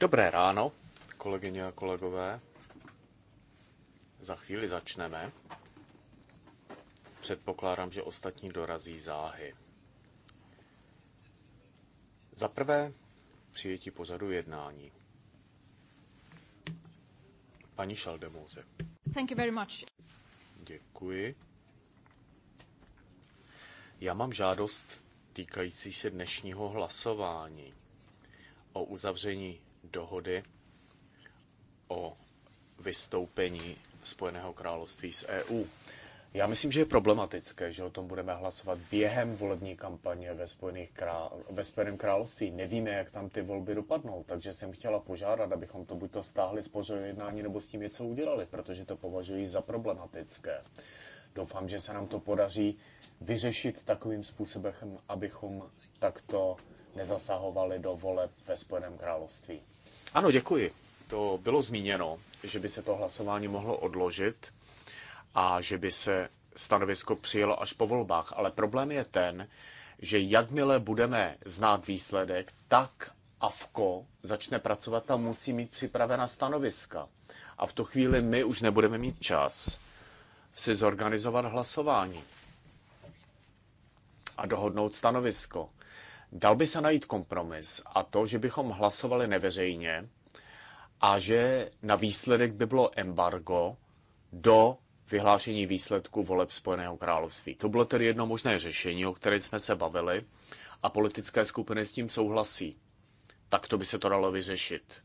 Dobré ráno, kolegyně a kolegové. Za chvíli začneme. Předpokládám, že ostatní dorazí záhy. Za prvé přijetí pozadu jednání. Paní Šaldemouze. Thank you very much. Děkuji. Já mám žádost týkající se dnešního hlasování o uzavření dohody o vystoupení Spojeného království z EU. Já myslím, že je problematické, že o tom budeme hlasovat během volební kampaně ve, Spojených král, ve Spojeném království. Nevíme, jak tam ty volby dopadnou, takže jsem chtěla požádat, abychom to buď to stáhli z pořadu jednání, nebo s tím něco udělali, protože to považuji za problematické doufám, že se nám to podaří vyřešit takovým způsobem, abychom takto nezasahovali do voleb ve Spojeném království. Ano, děkuji. To bylo zmíněno, že by se to hlasování mohlo odložit a že by se stanovisko přijelo až po volbách. Ale problém je ten, že jakmile budeme znát výsledek, tak AFKO začne pracovat a musí mít připravena stanoviska. A v tu chvíli my už nebudeme mít čas si zorganizovat hlasování a dohodnout stanovisko. Dal by se najít kompromis a to, že bychom hlasovali neveřejně a že na výsledek by bylo embargo do vyhlášení výsledku voleb Spojeného království. To bylo tedy jedno možné řešení, o kterém jsme se bavili a politické skupiny s tím souhlasí. Tak to by se to dalo vyřešit.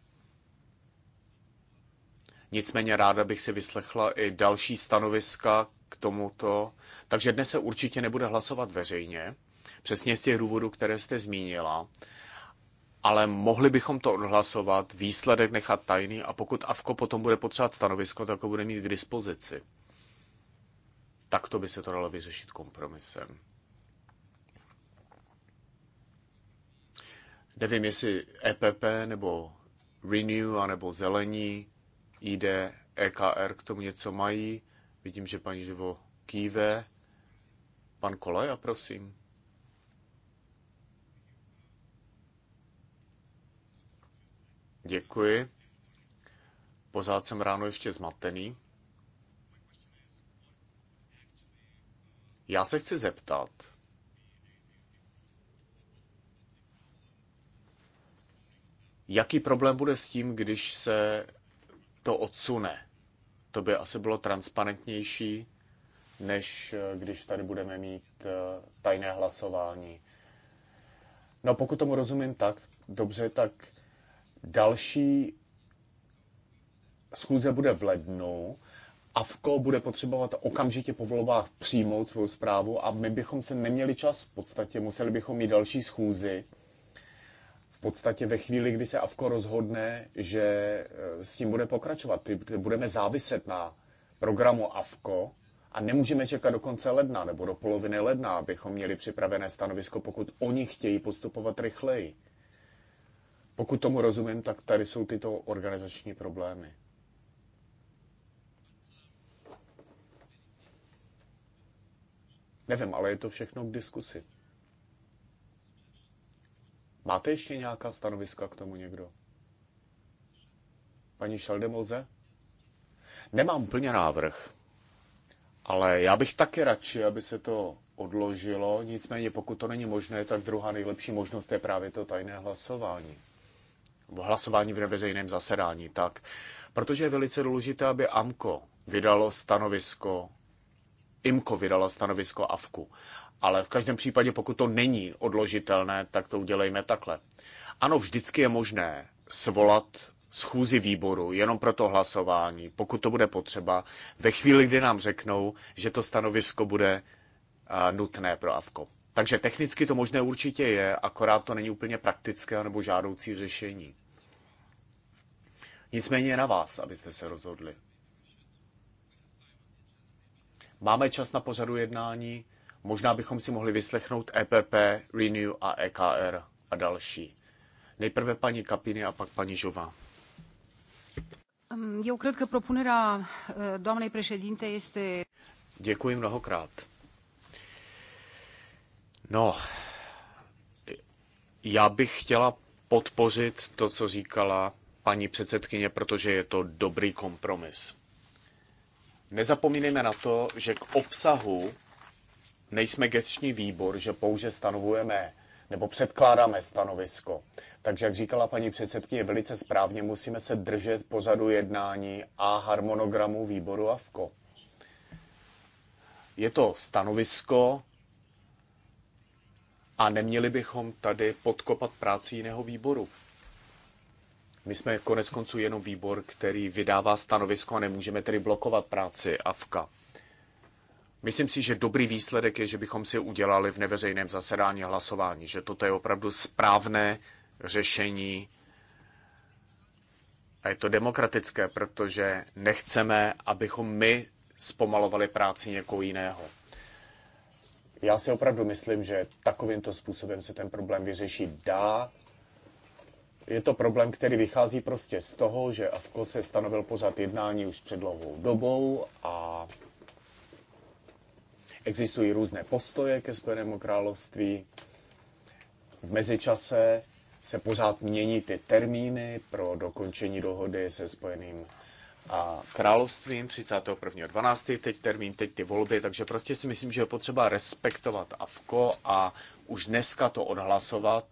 Nicméně ráda bych si vyslechla i další stanoviska k tomuto. Takže dnes se určitě nebude hlasovat veřejně, přesně z těch důvodů, které jste zmínila ale mohli bychom to odhlasovat, výsledek nechat tajný a pokud AVKO potom bude potřebovat stanovisko, tak ho bude mít k dispozici. Tak to by se to dalo vyřešit kompromisem. Nevím, jestli EPP nebo Renew a nebo Zelení ID, EKR k tomu něco mají. Vidím, že paní Živo kýve. Pan Kolaja, prosím. Děkuji. Pořád jsem ráno ještě zmatený. Já se chci zeptat, jaký problém bude s tím, když se to odsune. To by asi bylo transparentnější, než eh, když tady budeme mít eh, tajné hlasování. No pokud tomu rozumím tak, dobře, tak další schůze bude v lednu. AVKO bude potřebovat okamžitě po volbách přijmout svou zprávu a my bychom se neměli čas, v podstatě museli bychom mít další schůzi v podstatě ve chvíli, kdy se AVKO rozhodne, že eh, s tím bude pokračovat. Budeme záviset na programu AVKO a nemůžeme čekat do konce ledna nebo do poloviny ledna, abychom měli připravené stanovisko, pokud oni chtějí postupovat rychleji. Pokud tomu rozumím, tak tady jsou tyto organizační problémy. Nevím, ale je to všechno k diskusi. Máte ještě nějaká stanoviska k tomu někdo? Paní Šaldemoze? Nemám plně návrh, ale já bych taky radši, aby se to odložilo. Nicméně, pokud to není možné, tak druhá nejlepší možnost je právě to tajné hlasování. Hlasování v neveřejném zasedání, tak. Protože je velice důležité, aby AMKO vydalo stanovisko, IMKO vydalo stanovisko AVKU. Ale v každém případě, pokud to není odložitelné, tak to udělejme takhle. Ano, vždycky je možné svolat schůzi výboru jenom pro to hlasování, pokud to bude potřeba, ve chvíli, kdy nám řeknou, že to stanovisko bude nutné pro AVKO. Takže technicky to možné určitě je, akorát to není úplně praktické nebo žádoucí řešení. Nicméně je na vás, abyste se rozhodli. Máme čas na pořadu jednání. Možná bychom si mohli vyslechnout EPP, Renew a EKR a další. Nejprve paní Kapiny a pak paní Žová. Eu cred că propunerea eh, doamnei președinte este... Děkuji mnohokrát. No, já bych chtěla podpořit to, co říkala paní předsedkyně, protože je to dobrý kompromis. Nezapomínejme na to, že k obsahu nejsme gesční výbor, že pouze stanovujeme nebo předkládáme stanovisko. Takže, jak říkala paní předsedkyně, velice správně musíme se držet pořadu jednání a harmonogramu výboru AFKO. Je to stanovisko a neměli bychom tady podkopat práci jiného výboru. My jsme konec konců jenom výbor, který vydává stanovisko a nemůžeme tedy blokovat práci AFKA. Myslím si, že dobrý výsledek je, že bychom si udělali v neveřejném zasedání hlasování, že toto je opravdu správné řešení a je to demokratické, protože nechceme, abychom my zpomalovali práci někoho jiného. Já si opravdu myslím, že takovýmto způsobem se ten problém vyřešit dá. Je to problém, který vychází prostě z toho, že AFKO se stanovil pořád jednání už před dlouhou dobou a Existují různé postoje ke Spojenému království. V mezičase se pořád mění ty termíny pro dokončení dohody se Spojeným a královstvím 31.12. teď termín, teď ty volby, takže prostě si myslím, že je potřeba respektovat Afko a už dneska to odhlasovat.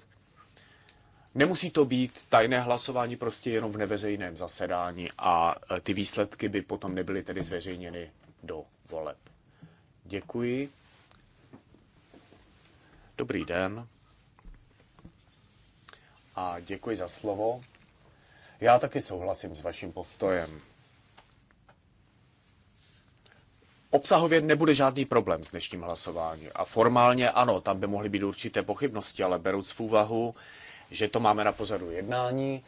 Nemusí to být tajné hlasování, prostě jenom v neveřejném zasedání a e, ty výsledky by potom nebyly tedy zveřejněny do voleb. Děkuji. Dobrý den. A děkuji za slovo. Já taky souhlasím s vaším postojem. Obsahově nebude žádný problém s dnešním hlasováním. A formálně ano, tam by mohly být určité pochybnosti, ale beru v úvahu, že to máme na pořadu jednání,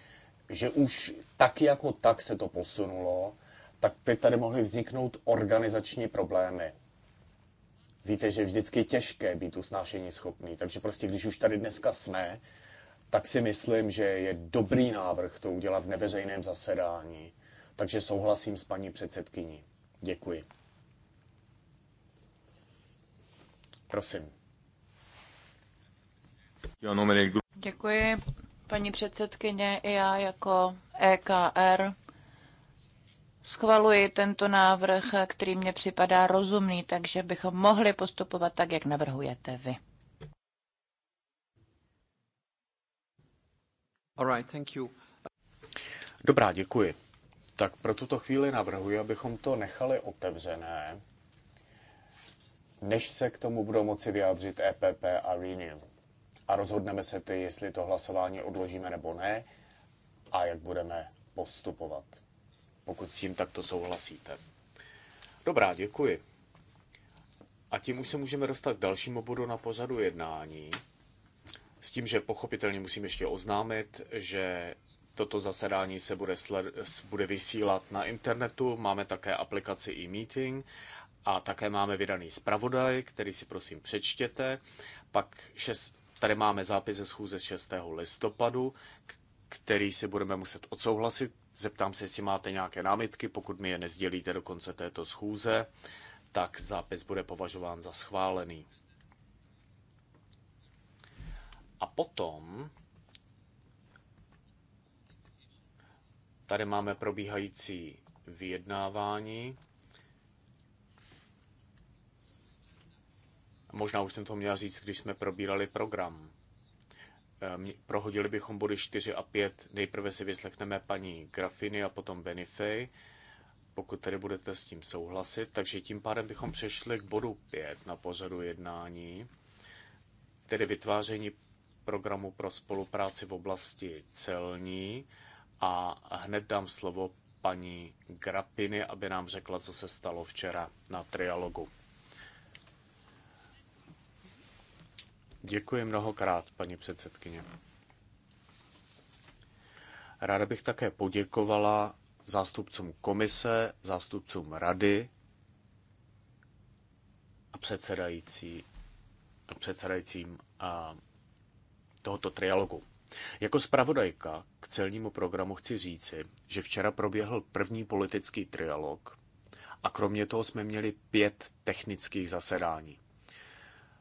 že už tak jako tak se to posunulo, tak by tady mohly vzniknout organizační problémy. Víte, že je vždycky těžké být usnášení schopný, takže prostě když už tady dneska jsme, tak si myslím, že je dobrý návrh to udělat v neveřejném zasedání. Takže souhlasím s paní předsedkyní. Děkuji. Prosím. Děkuji, paní předsedkyně, i já jako EKR schvaluji tento návrh, který mně připadá rozumný, takže bychom mohli postupovat tak, jak navrhujete vy. All right, thank you. Dobrá, děkuji. Tak pro tuto chvíli navrhuji, abychom to nechali otevřené, než se k tomu budou moci vyjádřit EPP a Renew. A rozhodneme se ty, jestli to hlasování odložíme nebo ne a jak budeme postupovat pokud s tím takto souhlasíte. Dobrá, děkuji. A tím už se můžeme dostat k dalšímu bodu na pořadu jednání. S tím, že pochopitelně musím ještě oznámit, že toto zasedání se bude, sled- bude vysílat na internetu. Máme také aplikaci e-meeting a také máme vydaný zpravodaj, který si prosím přečtěte. Pak šest, tady máme zápis ze schůze 6. listopadu, který si budeme muset odsouhlasit Zeptám se, jestli máte nějaké námitky, pokud mi je nezdělíte do konce této schůze, tak zápis bude považován za schválený. A potom tady máme probíhající vyjednávání. Možná už jsem to měl říct, když jsme probírali program. Ehm, prohodili bychom body 4 a 5. Nejprve si vyslechneme paní Grafiny a potom Benifej, pokud tedy budete s tím souhlasit. Takže tím pádem bychom přešli k bodu 5 na pořadu jednání, tedy vytváření programu pro spolupráci v oblasti celní. A hned dám slovo paní Grapiny, aby nám řekla, co se stalo včera na trialogu. Děkuji mnohokrát, paní předsedkyně. Ráda bych také poděkovala zástupcům komise, zástupcům rady a předsedající, předsedajícím a tohoto trialogu. Jako zpravodajka k celnímu programu chci říci, že včera proběhl první politický trialog a kromě toho jsme měli pět technických zasedání.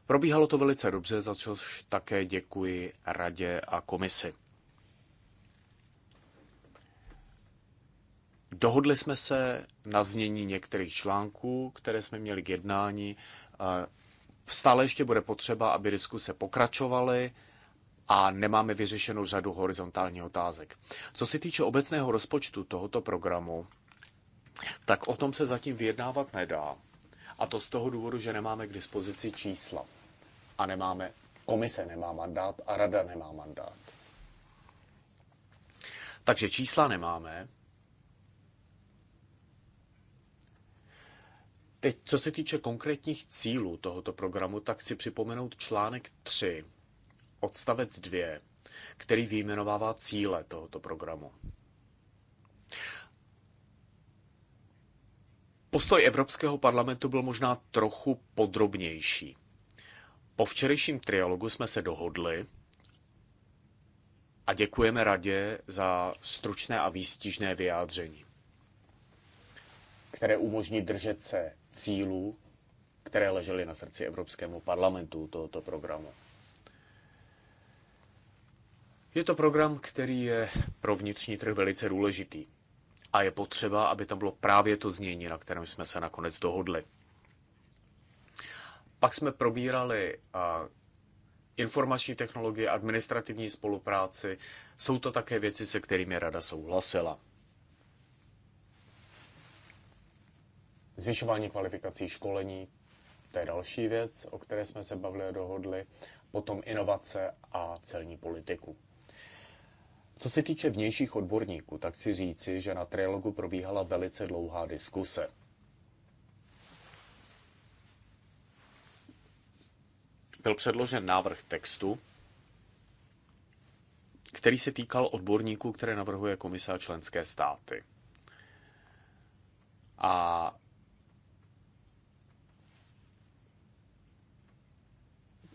Probíhalo to velice dobře, za což také děkuji radě a komisi. Dohodli jsme se na znění některých článků, které jsme měli k jednání. Stále ještě bude potřeba, aby diskuse pokračovaly a nemáme vyřešenou řadu horizontálních otázek. Co se týče obecného rozpočtu tohoto programu, tak o tom se zatím vyjednávat nedá. A to z toho důvodu, že nemáme k dispozici čísla a nemáme, komise nemá mandát a rada nemá mandát. Takže čísla nemáme. Teď, co se týče konkrétních cílů tohoto programu, tak si připomenout článek 3, odstavec 2, který vyjmenovává cíle tohoto programu. Postoj Evropského parlamentu byl možná trochu podrobnější. Po včerejším trialogu jsme se dohodli a děkujeme radě za stručné a výstižné vyjádření, které umožní držet se cílů, které ležely na srdci Evropskému parlamentu tohoto programu. Je to program, který je pro vnitřní trh velice důležitý. A je potřeba, aby tam bylo právě to znění, na kterém jsme se nakonec dohodli. Pak jsme probírali informační technologie, administrativní spolupráci. Jsou to také věci, se kterými rada souhlasila. Zvyšování kvalifikací školení, to je další věc, o které jsme se bavili a dohodli. Potom inovace a celní politiku. Co se týče vnějších odborníků, tak si říci, že na trialogu probíhala velice dlouhá diskuse. byl předložen návrh textu, který se týkal odborníků, které navrhuje komise a členské státy. A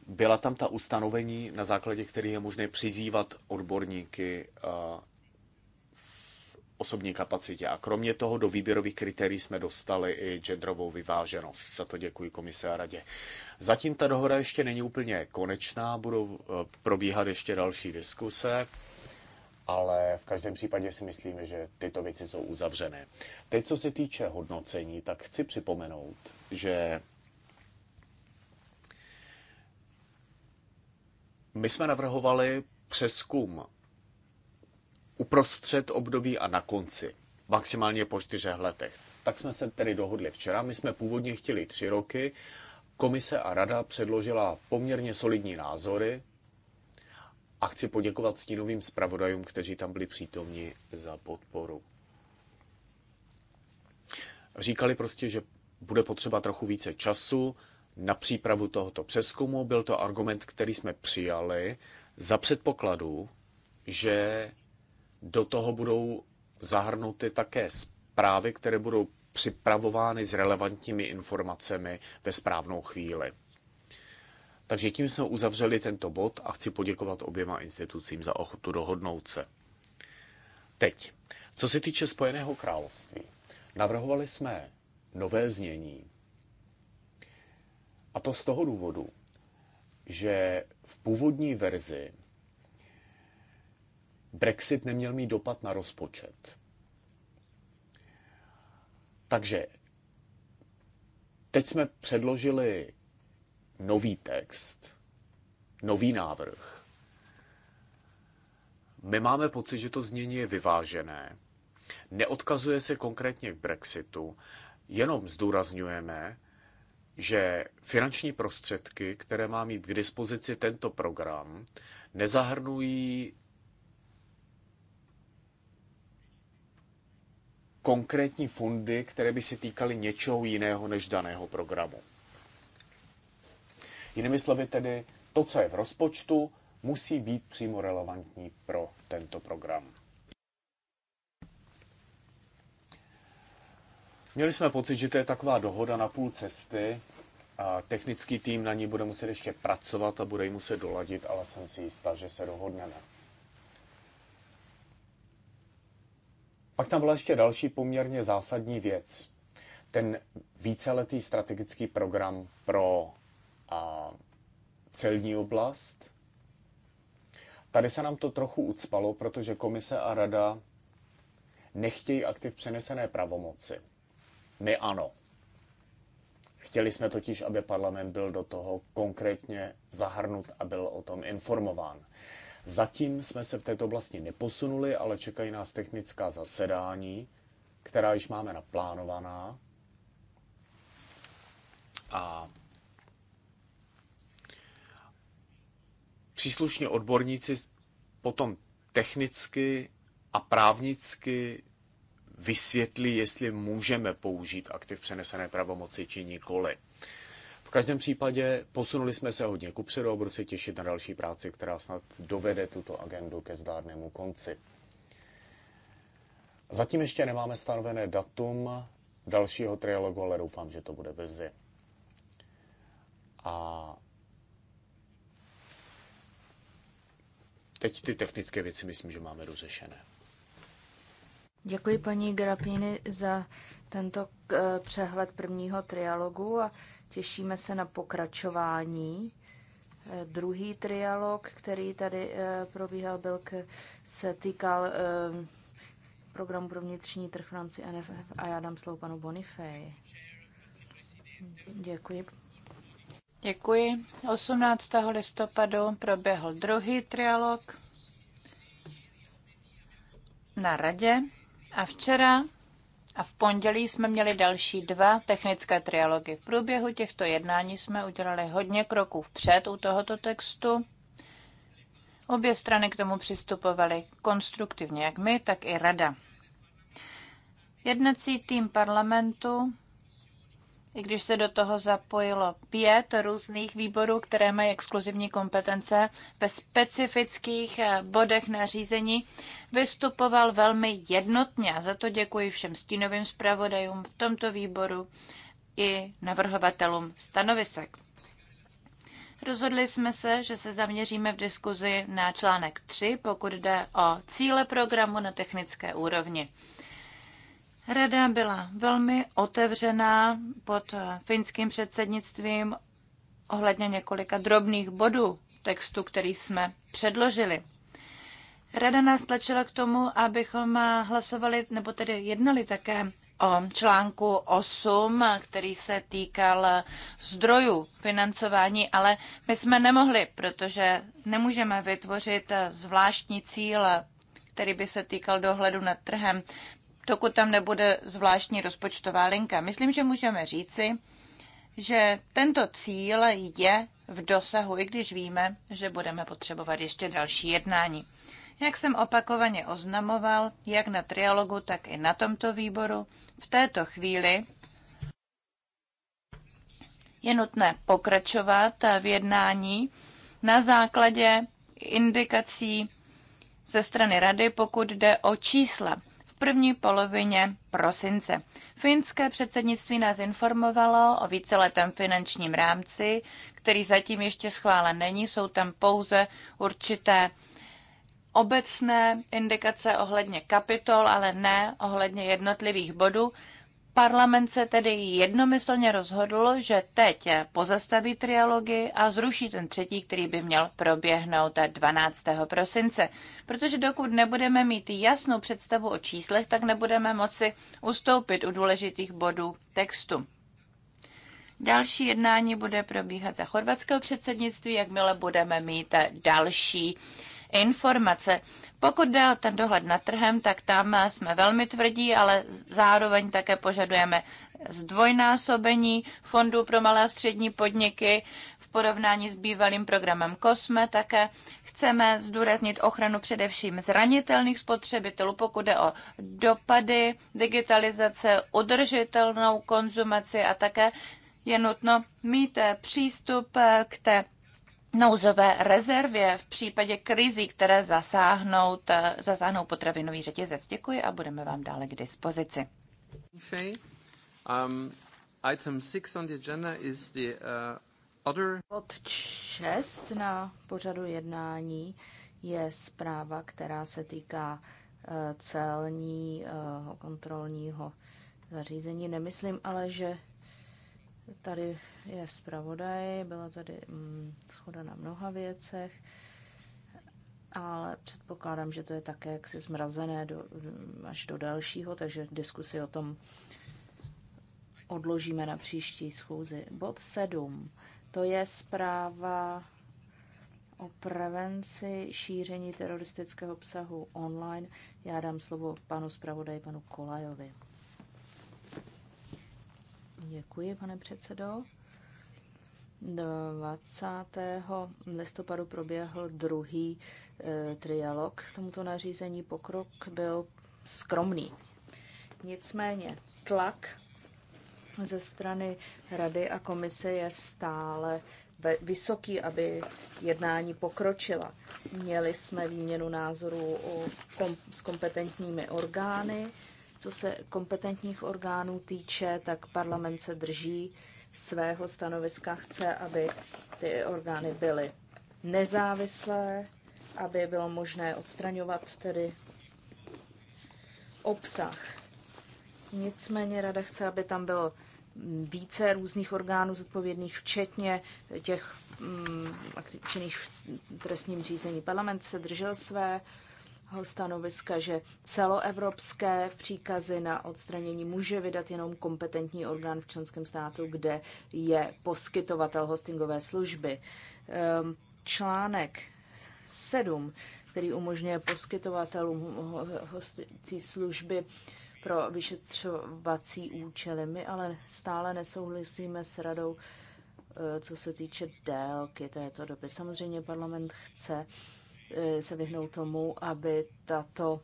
byla tam ta ustanovení, na základě kterých je možné přizývat odborníky eh, osobní kapacitě. A kromě toho do výběrových kritérií jsme dostali i genderovou vyváženost. Za to děkuji komise a radě. Zatím ta dohoda ještě není úplně konečná, budou eh, probíhat ještě další diskuse, ale v každém případě si myslíme, že tyto věci jsou uzavřené. Teď, co se týče hodnocení, tak chci připomenout, že my jsme navrhovali přeskum uprostřed období a na konci, maximálně po čtyřech letech. Tak jsme se tedy dohodli včera. My jsme původně chtěli tři roky. Komise a rada předložila poměrně solidní názory a chci poděkovat stínovým zpravodajům, kteří tam byli přítomni za podporu. Říkali prostě, že bude potřeba trochu více času na přípravu tohoto přeskumu. Byl to argument, který jsme přijali za předpokladu, že do toho budou zahrnuty také zprávy, které budou připravovány s relevantními informacemi ve správnou chvíli. Takže tím jsme uzavřeli tento bod a chci poděkovat oběma institucím za ochotu dohodnout se. Teď, co se týče Spojeného království, navrhovali jsme nové znění. A to z toho důvodu, že v původní verzi Brexit neměl mít dopad na rozpočet. Takže teď jsme předložili nový text, nový návrh. My máme pocit, že to znění je vyvážené. Neodkazuje se konkrétně k Brexitu, jenom zdůrazňujeme, že finanční prostředky, které má mít k dispozici tento program, nezahrnují konkrétní fondy, které by se týkaly něčeho jiného než daného programu. Jinými slovy tedy, to, co je v rozpočtu, musí být přímo relevantní pro tento program. Měli jsme pocit, že to je taková dohoda na půl cesty. A technický tým na ní bude muset ještě pracovat a bude ji muset doladit, ale jsem si jistá, že se dohodneme. Pak tam byla ještě další poměrně zásadní věc. Ten víceletý strategický program pro a, celní oblast. Tady se nám to trochu ucpalo, protože komise a rada nechtějí aktiv přenesené pravomoci. My ano. Chtěli jsme totiž, aby parlament byl do toho konkrétně zahrnut a byl o tom informován. Zatím jsme se v této oblasti neposunuli, ale čekají nás technická zasedání, která již máme naplánovaná. A příslušní odborníci potom technicky a právnicky vysvětlí, jestli můžeme použít aktiv přenesené pravomoci či nikoli každém případě posunuli jsme se hodně kupředu a budu se těšit na další práci, která snad dovede tuto agendu ke zdárnému konci. Zatím ještě nemáme stanovené datum dalšího trialogu, ale doufám, že to bude brzy. A teď ty technické věci myslím, že máme dořešené. Děkuji paní Grapini za tento eh, přehled prvního trialogu a Těšíme se na pokračování. Eh, druhý trialog, který tady eh, probíhal, byl k, se týkal eh, programu pro vnitřní trh v rámci NFF a já dám slovo panu Bonifej. Děkuji. Děkuji. 18. listopadu proběhl druhý trialog na radě a včera a v pondělí jsme měli další dva technické trialogy. V průběhu těchto jednání jsme udělali hodně kroků vpřed u tohoto textu. Obě strany k tomu přistupovaly konstruktivně, jak my, tak i rada. Jednací tým parlamentu i když se do toho zapojilo pět různých výborů, které mají exkluzivní kompetence ve specifických eh, bodech nařízení, vystupoval velmi jednotně a za to děkuji všem stínovým zpravodajům v tomto výboru i navrhovatelům stanovisek. Rozhodli jsme se, že se zaměříme v diskuzi na článek 3, pokud jde o cíle programu na technické úrovni. Rada byla velmi otevřená pod finským předsednictvím ohledně několika drobných bodů textu, který jsme předložili. Rada nás tlačila k tomu, abychom hlasovali, nebo tedy jednali také o článku 8, který se týkal zdrojů financování, ale my jsme nemohli, protože nemůžeme vytvořit zvláštní cíl, který by se týkal dohledu nad trhem dokud tam nebude zvláštní rozpočtová linka. Myslím, že můžeme říci, že tento cíl je v dosahu, i když víme, že budeme potřebovat ještě další jednání. Jak jsem opakovaně oznamoval, jak na trialogu, tak i na tomto výboru, v této chvíli je nutné pokračovat v jednání na základě indikací ze strany rady, pokud jde o čísla první polovině prosince. Finské předsednictví nás informovalo o víceletém finančním rámci, který zatím ještě schválen není. Jsou tam pouze určité obecné indikace ohledně kapitol, ale ne ohledně jednotlivých bodů. Parlament se tedy jednomyslně rozhodl, že teď pozastaví trialogy a zruší ten třetí, který by měl proběhnout 12. prosince. Protože dokud nebudeme mít jasnou představu o číslech, tak nebudeme moci ustoupit u důležitých bodů textu. Další jednání bude probíhat za chorvatského předsednictví, jakmile budeme mít další informace. Pokud jde o ten dohled nad trhem, tak tam jsme velmi tvrdí, ale zároveň také požadujeme zdvojnásobení fondů pro malé a střední podniky v porovnání s bývalým programem COSME. Také chceme zdůraznit ochranu především zranitelných spotřebitelů, pokud jde o dopady digitalizace, udržitelnou konzumaci a také je nutno mít přístup k té nouzové rezervě v případě krizí, které zasáhnou, eh, zasáhnou potravinový řetězec. Děkuji a budeme vám dále k dispozici. Um, item agenda the, uh, other... Od 6 na pořadu jednání je zpráva, která se týká eh, celního eh, kontrolního zařízení. Nemyslím ale, že Tady je zpravodaj, byla tady mm, schoda na mnoha věcech, ale předpokládám, že to je také jaksi zmrazené do, až do dalšího, takže diskusi o tom odložíme na příští schůzi. Bod 7. To je zpráva o prevenci šíření teroristického obsahu online. Já dám slovo panu zpravodaji, panu Kolajovi. Děkuji, pane předsedo. 20. listopadu proběhl druhý e, trialog k tomuto nařízení. Pokrok byl skromný. Nicméně tlak ze strany Rady a komise je stále vysoký, aby jednání pokročila. Měli jsme výměnu názorů kom- s kompetentními orgány. Co se kompetentních orgánů týče, tak parlament se drží svého stanoviska, chce, aby ty orgány byly nezávislé, aby bylo možné odstraňovat tedy obsah. Nicméně rada chce, aby tam bylo více různých orgánů zodpovědných, včetně těch mm, činných v trestním řízení. Parlament se držel své stanoviska, že celoevropské příkazy na odstranění může vydat jenom kompetentní orgán v členském státu, kde je poskytovatel hostingové služby. Ehm, článek 7, který umožňuje poskytovatelům hostící služby pro vyšetřovací účely. My ale stále nesouhlasíme s radou, e, co se týče délky této doby. Samozřejmě parlament chce, Eh, se vyhnout tomu, aby tato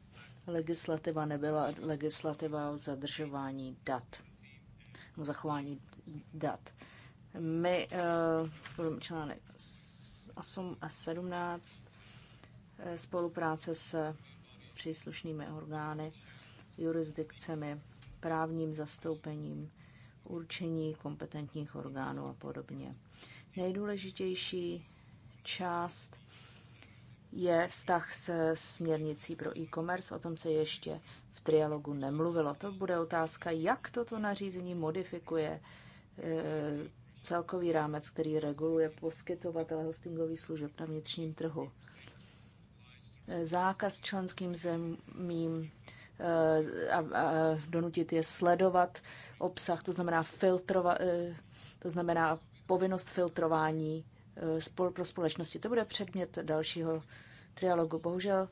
legislativa nebyla legislativa o zadržování dat, o zachování dat. My uh, článek 8 a 17 eh, spolupráce s příslušnými orgány, jurisdikcemi, právním zastoupením, určení kompetentních orgánů a podobně. Nejdůležitější část je vztah s směrnicí pro e-commerce. O tom se ještě v trialogu nemluvilo. To bude otázka, jak toto nařízení modifikuje e, celkový rámec, který reguluje poskytovatele hostingových služeb na vnitřním trhu. E, zákaz členským zemím e, a, donutit je sledovat obsah, to znamená filtrova, to znamená povinnost filtrování Eh, pro společnosti. To bude předmět dalšího trialogu. Bohužel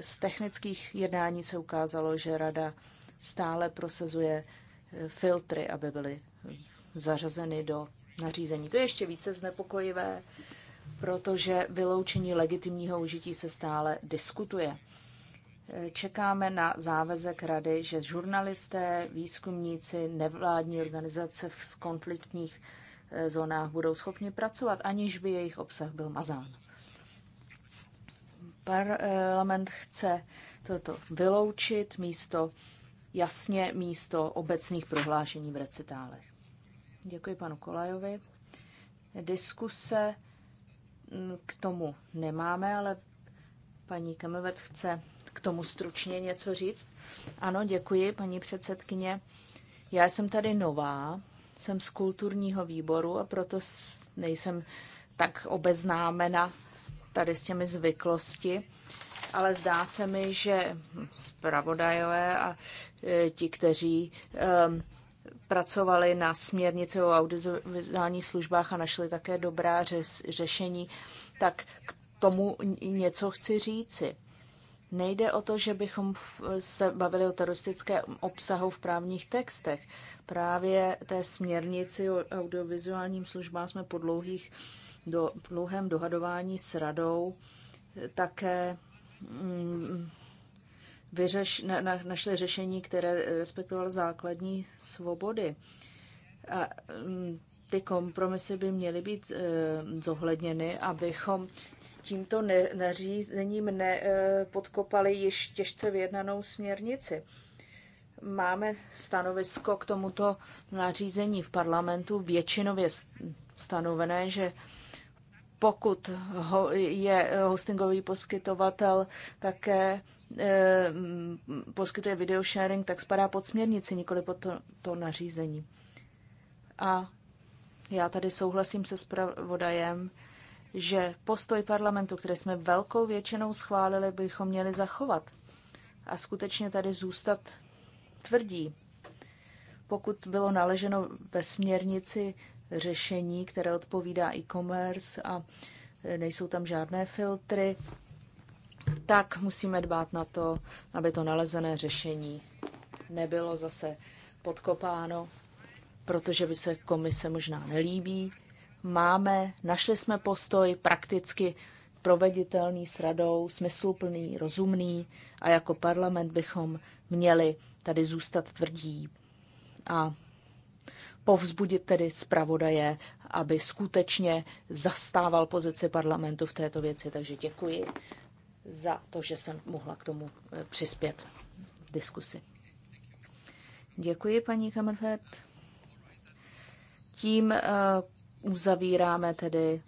z technických jednání se ukázalo, že rada stále prosazuje eh, filtry, aby byly eh, zařazeny do nařízení. To je ještě více znepokojivé, protože vyloučení legitimního užití se stále diskutuje. Čekáme na závazek rady, že žurnalisté, výzkumníci, nevládní organizace z konfliktních Eh, zónách budou schopni pracovat, aniž by jejich obsah byl mazán. Parlament chce toto vyloučit místo jasně místo obecných prohlášení v recitálech. Děkuji panu Kolajovi. Diskuse mm, k tomu nemáme, ale paní Kemevet chce k tomu stručně něco říct. Ano, děkuji, paní předsedkyně. Já jsem tady nová, jsem z kulturního výboru a proto nejsem tak obeznámena tady s těmi zvyklosti, ale zdá se mi, že zpravodajové a e, ti, kteří um, pracovali na směrnici o audiovizuálních službách a našli také dobrá řešení, tak k tomu něco chci říci. Nejde o to, že bychom se bavili o teroristické obsahu v právních textech. Právě té směrnici o audiovizuálním službám jsme po dlouhých, do, dlouhém dohadování s radou také mm, vyřeš, na, na, našli řešení, které respektovalo základní svobody. A, mm, ty kompromisy by měly být e, zohledněny, abychom tímto ne, nařízením nepodkopali eh, již těžce vyjednanou směrnici. Máme stanovisko k tomuto nařízení v parlamentu většinově stanovené, že pokud ho, je hostingový poskytovatel také eh, poskytuje video sharing, tak spadá pod směrnici, nikoli pod to, to nařízení. A já tady souhlasím se zpravodajem, že postoj parlamentu, který jsme velkou většinou schválili, bychom měli zachovat a skutečně tady zůstat tvrdí. Pokud bylo naleženo ve směrnici řešení, které odpovídá e-commerce a nejsou tam žádné filtry, tak musíme dbát na to, aby to nalezené řešení nebylo zase podkopáno, protože by se komise možná nelíbí máme, našli jsme postoj prakticky proveditelný s radou, smysluplný, rozumný a jako parlament bychom měli tady zůstat tvrdí a povzbudit tedy zpravodaje, aby skutečně zastával pozici parlamentu v této věci. Takže děkuji za to, že jsem mohla k tomu eh, přispět v diskusi. Děkuji, paní Kamerfeld. Tím eh, uzavíráme tedy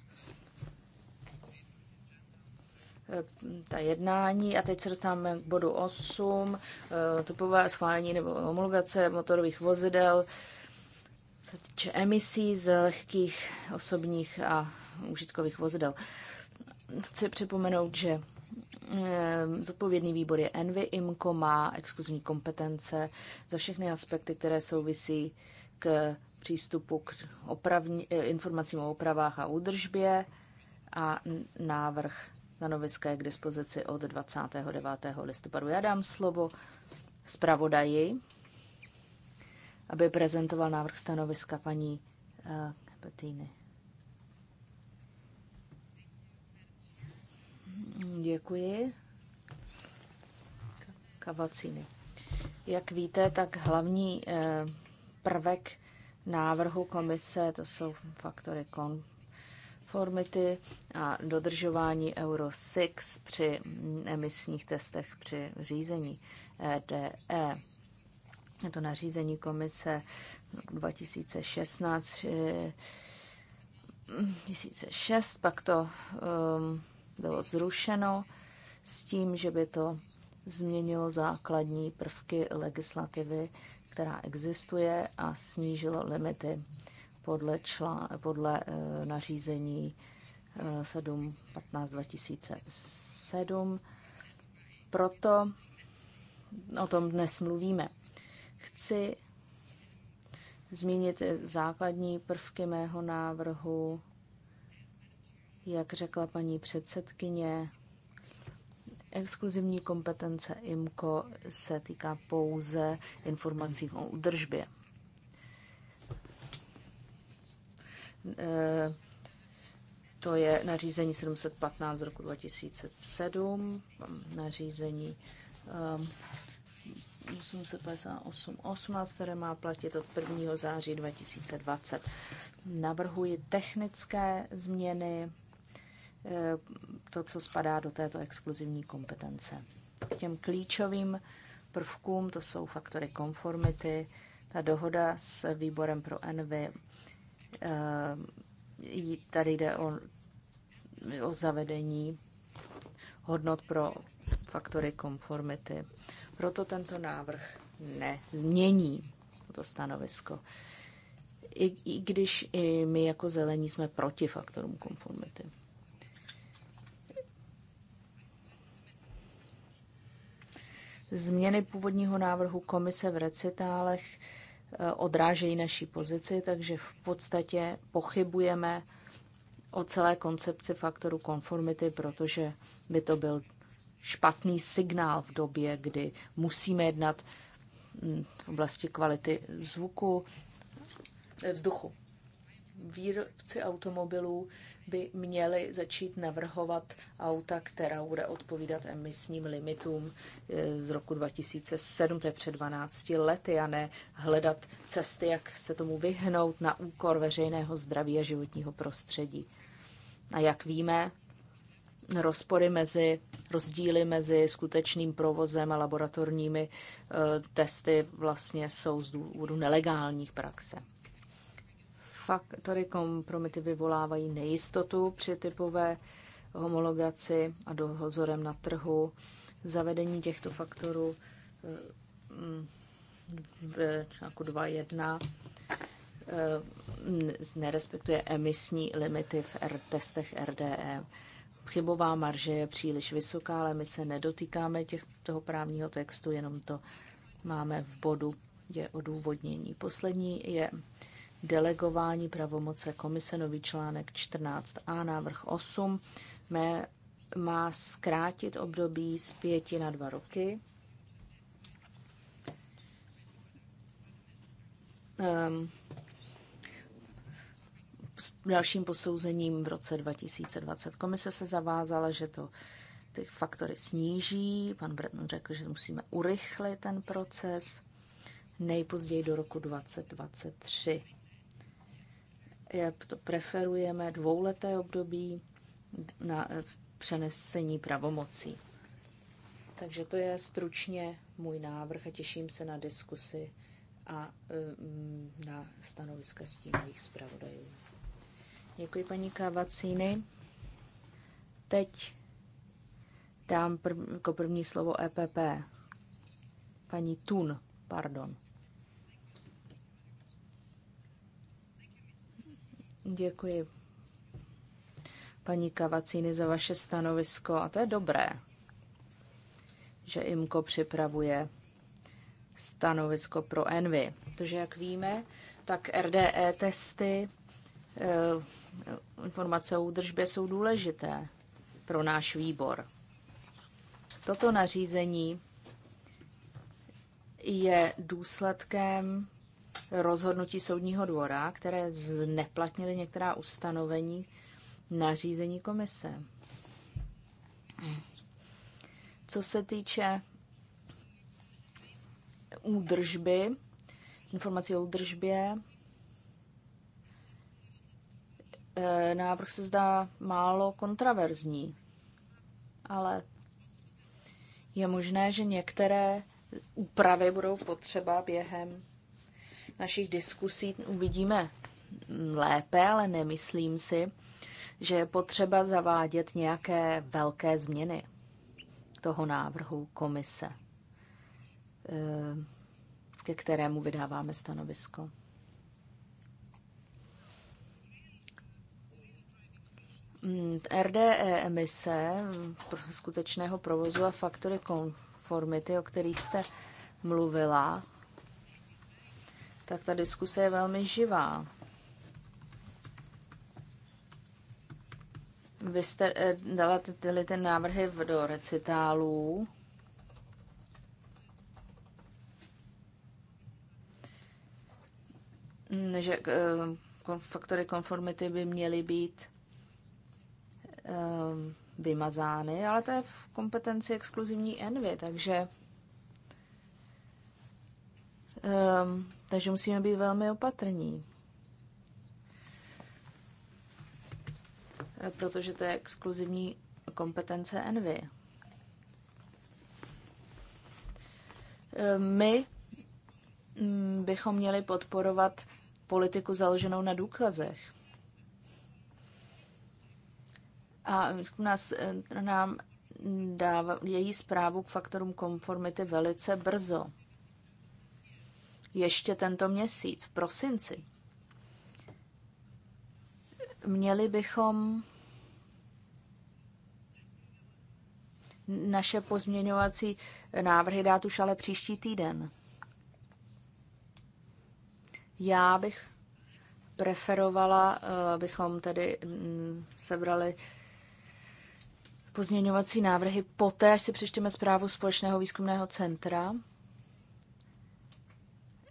eh, ta jednání a teď se dostáváme k bodu 8, eh, typové schválení nebo homologace motorových vozidel, se týče emisí z lehkých osobních a užitkových vozidel. Chci připomenout, že eh, zodpovědný výbor je Envy, IMCO má exkluzivní kompetence za všechny aspekty, které souvisí k přístupu k opravní, eh, informacím o opravách a údržbě a návrh stanoviska je k dispozici od 29. listopadu. Já dám slovo zpravodaji, aby prezentoval návrh stanoviska paní eh, Petýny. Děkuji. Kavacíny. Jak víte, tak hlavní eh, prvek návrhu komise, to jsou faktory konformity a dodržování Euro 6 při emisních testech při řízení EDE. E. Je to nařízení komise 2016 2006, eh, pak to um, bylo zrušeno s tím, že by to změnilo základní prvky legislativy která existuje a snížil limity podle, čla, podle uh, nařízení uh, 7.15.2007. 2007. Proto o tom dnes mluvíme. Chci zmínit základní prvky mého návrhu. Jak řekla paní předsedkyně, Exkluzivní kompetence IMCO se týká pouze informací o údržbě. Eh, to je nařízení 715 z roku 2007, nařízení 858.18, ehm, které má platit od 1. září 2020. Navrhuji technické změny Eh, to, co spadá do této exkluzivní kompetence. K těm klíčovým prvkům, to jsou faktory konformity, ta dohoda s výborem pro ENVY, eh, tady jde o, o zavedení hodnot pro faktory konformity. Proto tento návrh nezmění toto stanovisko. I, I když i my jako zelení jsme proti faktorům konformity. Změny původního návrhu komise v recitálech eh, odrážejí naší pozici, takže v podstatě pochybujeme o celé koncepci faktoru konformity, protože by to byl špatný signál v době, kdy musíme jednat mm, v oblasti kvality zvuku, eh, vzduchu výrobci automobilů by měli začít navrhovat auta, která bude odpovídat emisním limitům eh, z roku 2007, to je před 12 lety, a ne hledat cesty, jak se tomu vyhnout na úkor veřejného zdraví a životního prostředí. A jak víme, rozpory mezi, rozdíly mezi skutečným provozem a laboratorními eh, testy vlastně jsou z důvodu nelegálních praxe faktory kompromity vyvolávají nejistotu při typové homologaci a dohozorem na trhu. Zavedení těchto faktorů eh, mm, v článku 2.1 eh, nerespektuje emisní limity v R testech RDE. Chybová marže je příliš vysoká, ale my se nedotýkáme těch, toho právního textu, jenom to máme v bodu je odůvodnění. Poslední je delegování pravomoce komise, nový článek 14a, návrh 8, mé, má zkrátit období z pěti na dva roky. Um, s dalším posouzením v roce 2020. Komise se zavázala, že to ty faktory sníží. Pan Bretton řekl, že musíme urychlit ten proces nejpozději do roku 2023 je, to preferujeme dvouleté období na eh, přenesení pravomocí. Takže to je stručně můj návrh a těším se na diskusi a mm, na stanoviska stínových zpravodajů. Děkuji paní Kavacíny. Teď dám prv, jako první slovo EPP. Paní Tun, pardon. Děkuji paní Kavacíny za vaše stanovisko a to je dobré, že IMKO připravuje stanovisko pro Envy. Protože jak víme, tak RDE testy, eh, informace o údržbě jsou důležité pro náš výbor. Toto nařízení je důsledkem rozhodnutí soudního dvora, které zneplatnily některá ustanovení nařízení komise. Co se týče údržby, informací o údržbě, eh, návrh se zdá málo kontraverzní, ale je možné, že některé úpravy budou potřeba během našich diskusí uvidíme lépe, ale nemyslím si, že je potřeba zavádět nějaké velké změny toho návrhu komise, eh, ke kterému vydáváme stanovisko. Mm, RDE emise skutečného provozu a faktory konformity, o kterých jste mluvila, tak ta diskuse je velmi živá. Vy jste eh, dala tyhle ty návrhy do recitálů. Že eh, faktory konformity by měly být eh, vymazány, ale to je v kompetenci exkluzivní envy, takže Um, takže musíme být velmi opatrní. Eh, protože to je exkluzivní kompetence Envy. Ehm, my mm, bychom měli podporovat politiku založenou na důkazech. A nás, eh, nám dává její zprávu k faktorům konformity velice brzo ještě tento měsíc, v prosinci. Měli bychom naše pozměňovací návrhy dát už ale příští týden. Já bych preferovala, eh, bychom tedy mm, sebrali pozměňovací návrhy poté, až si přečteme zprávu Společného výzkumného centra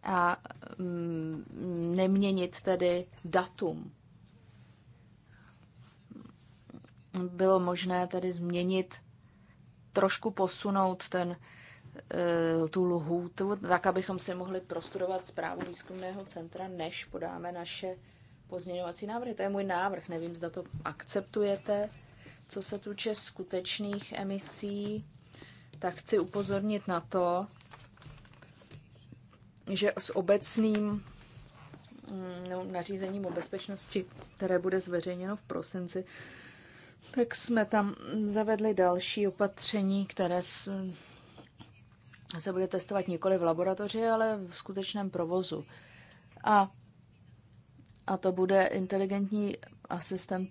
a mm, neměnit tedy datum. Bylo možné tedy změnit, trošku posunout ten, eh, tu lhůtu, tak abychom si mohli prostudovat zprávu výzkumného centra, než podáme naše pozměňovací návrhy. To je můj návrh, nevím, zda to akceptujete. Co se týče skutečných emisí, tak chci upozornit na to, že s obecným mm, no, nařízením o bezpečnosti, které bude zveřejněno v prosinci, tak jsme tam zavedli další opatření, které se bude testovat nikoli v laboratoři, ale v skutečném provozu. A, a to bude inteligentní asistent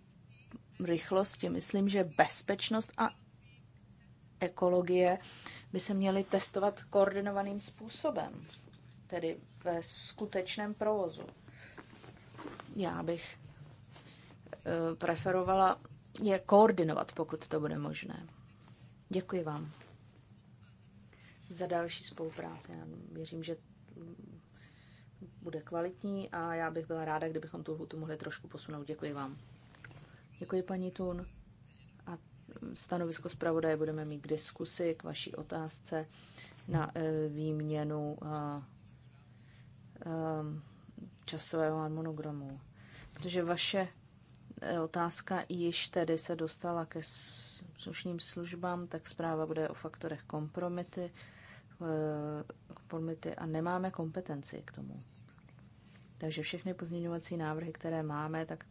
rychlosti. Myslím, že bezpečnost a ekologie by se měly testovat koordinovaným způsobem tedy ve skutečném provozu. Já bych eh, preferovala je koordinovat, pokud to bude možné. Děkuji vám za další spolupráci. Já věřím, že mm, bude kvalitní a já bych byla ráda, kdybychom tu hutu mohli trošku posunout. Děkuji vám. Děkuji, paní Tun. A stanovisko zpravodaje budeme mít k diskusi, k vaší otázce na eh, výměnu eh, Um, časového harmonogramu. Protože vaše eh, otázka již tedy se dostala ke slušným službám, tak zpráva bude o faktorech kompromity, eh, kompromity a nemáme kompetenci k tomu. Takže všechny pozměňovací návrhy, které máme, tak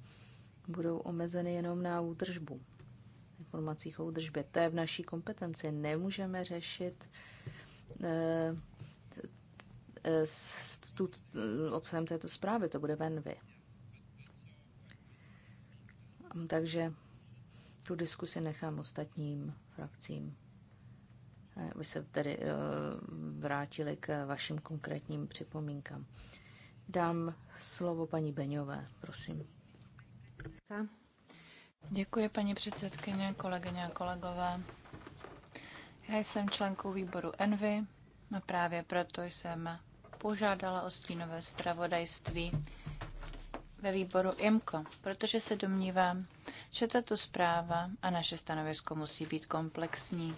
budou omezeny jenom na údržbu. Informacích o údržbě. To je v naší kompetenci. Nemůžeme řešit eh, Eh, s tu, mm, obsahem této zprávy, to bude Venvy. Takže tu diskusi nechám ostatním frakcím. Vy eh, se tedy eh, vrátili k vašim konkrétním připomínkám. Dám slovo paní Beňové, prosím. Děkuji, paní předsedkyně, kolegyně a kolegové. Já jsem členkou výboru Envy a právě proto jsem požádala o stínové zpravodajství ve výboru IMCO, protože se domnívám, že tato zpráva a naše stanovisko musí být komplexní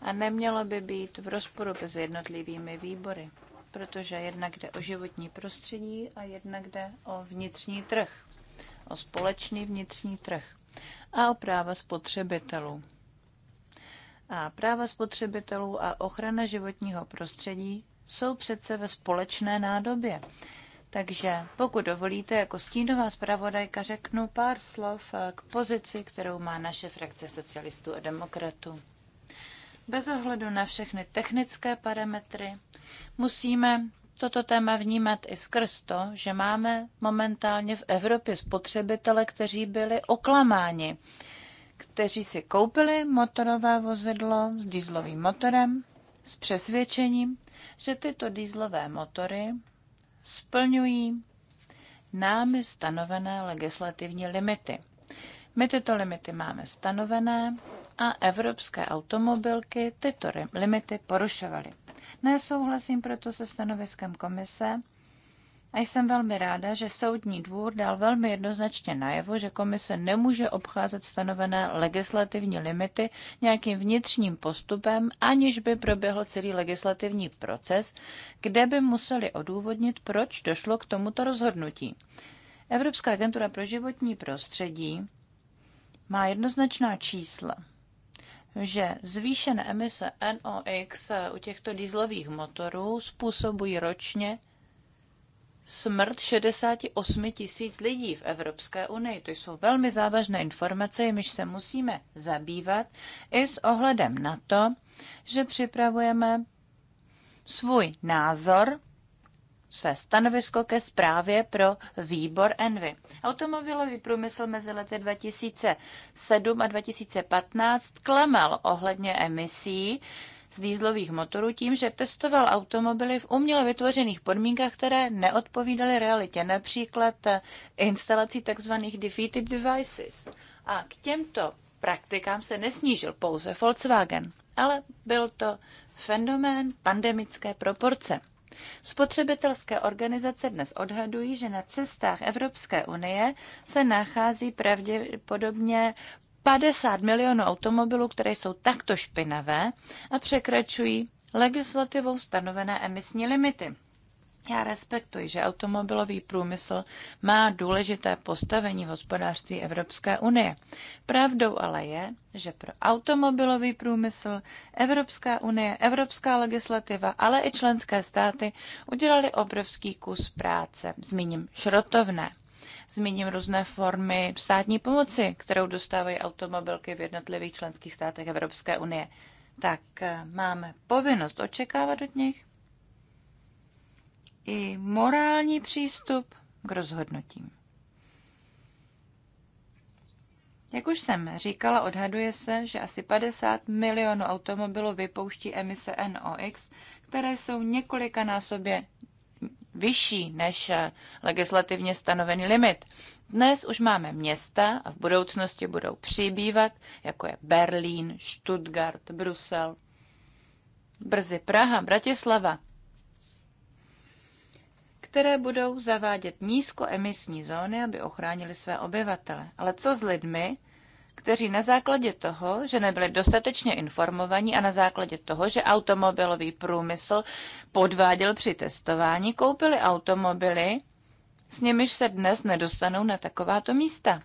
a nemělo by být v rozporu mezi jednotlivými výbory, protože jednak jde o životní prostředí a jednak jde o vnitřní trh, o společný vnitřní trh a o práva spotřebitelů. A práva spotřebitelů a ochrana životního prostředí jsou přece ve společné nádobě. Takže pokud dovolíte, jako stínová zpravodajka řeknu pár slov eh, k pozici, kterou má naše frakce socialistů a demokratů. Bez ohledu na všechny technické parametry musíme toto téma vnímat i skrz to, že máme momentálně v Evropě spotřebitele, kteří byli oklamáni, kteří si koupili motorové vozidlo s dýzlovým motorem s přesvědčením, že tyto dýzlové motory splňují námi stanovené legislativní limity. My tyto limity máme stanovené a evropské automobilky tyto limity porušovaly. Nesouhlasím proto se stanoviskem komise, a jsem velmi ráda, že Soudní dvůr dal velmi jednoznačně najevo, že komise nemůže obcházet stanovené legislativní limity nějakým vnitřním postupem, aniž by proběhl celý legislativní proces, kde by museli odůvodnit, proč došlo k tomuto rozhodnutí. Evropská agentura pro životní prostředí má jednoznačná čísla, že zvýšené emise NOx u těchto dýzlových motorů způsobují ročně smrt 68 tisíc lidí v Evropské unii. To jsou velmi závažné informace, jimiž se musíme zabývat i s ohledem na to, že připravujeme svůj názor, své stanovisko ke zprávě pro výbor Envy. Automobilový průmysl mezi lety 2007 a 2015 klemal ohledně emisí z dýzlových motorů tím, že testoval automobily v uměle vytvořených podmínkách, které neodpovídaly realitě, například instalací tzv. defeated devices. A k těmto praktikám se nesnížil pouze Volkswagen, ale byl to fenomén pandemické proporce. Spotřebitelské organizace dnes odhadují, že na cestách Evropské unie se nachází pravděpodobně 50 milionů automobilů, které jsou takto špinavé a překračují legislativou stanovené emisní limity. Já respektuji, že automobilový průmysl má důležité postavení v hospodářství Evropské unie. Pravdou ale je, že pro automobilový průmysl Evropská unie, evropská legislativa, ale i členské státy udělali obrovský kus práce. Zmíním šrotovné. Zmíním různé formy státní pomoci, kterou dostávají automobilky v jednotlivých členských státech Evropské unie. Tak eh, máme povinnost očekávat od nich i morální přístup k rozhodnutím. Jak už jsem říkala, odhaduje se, že asi 50 milionů automobilů vypouští emise NOx, které jsou několika násobě vyšší než eh, legislativně stanovený limit. Dnes už máme města a v budoucnosti budou přibývat, jako je Berlín, Stuttgart, Brusel, brzy Praha, Bratislava, které budou zavádět nízkoemisní zóny, aby ochránili své obyvatele. Ale co s lidmi, kteří na základě toho, že nebyli dostatečně informovaní a na základě toho, že automobilový průmysl podváděl při testování, koupili automobily, s nimiž se dnes nedostanou na takováto místa.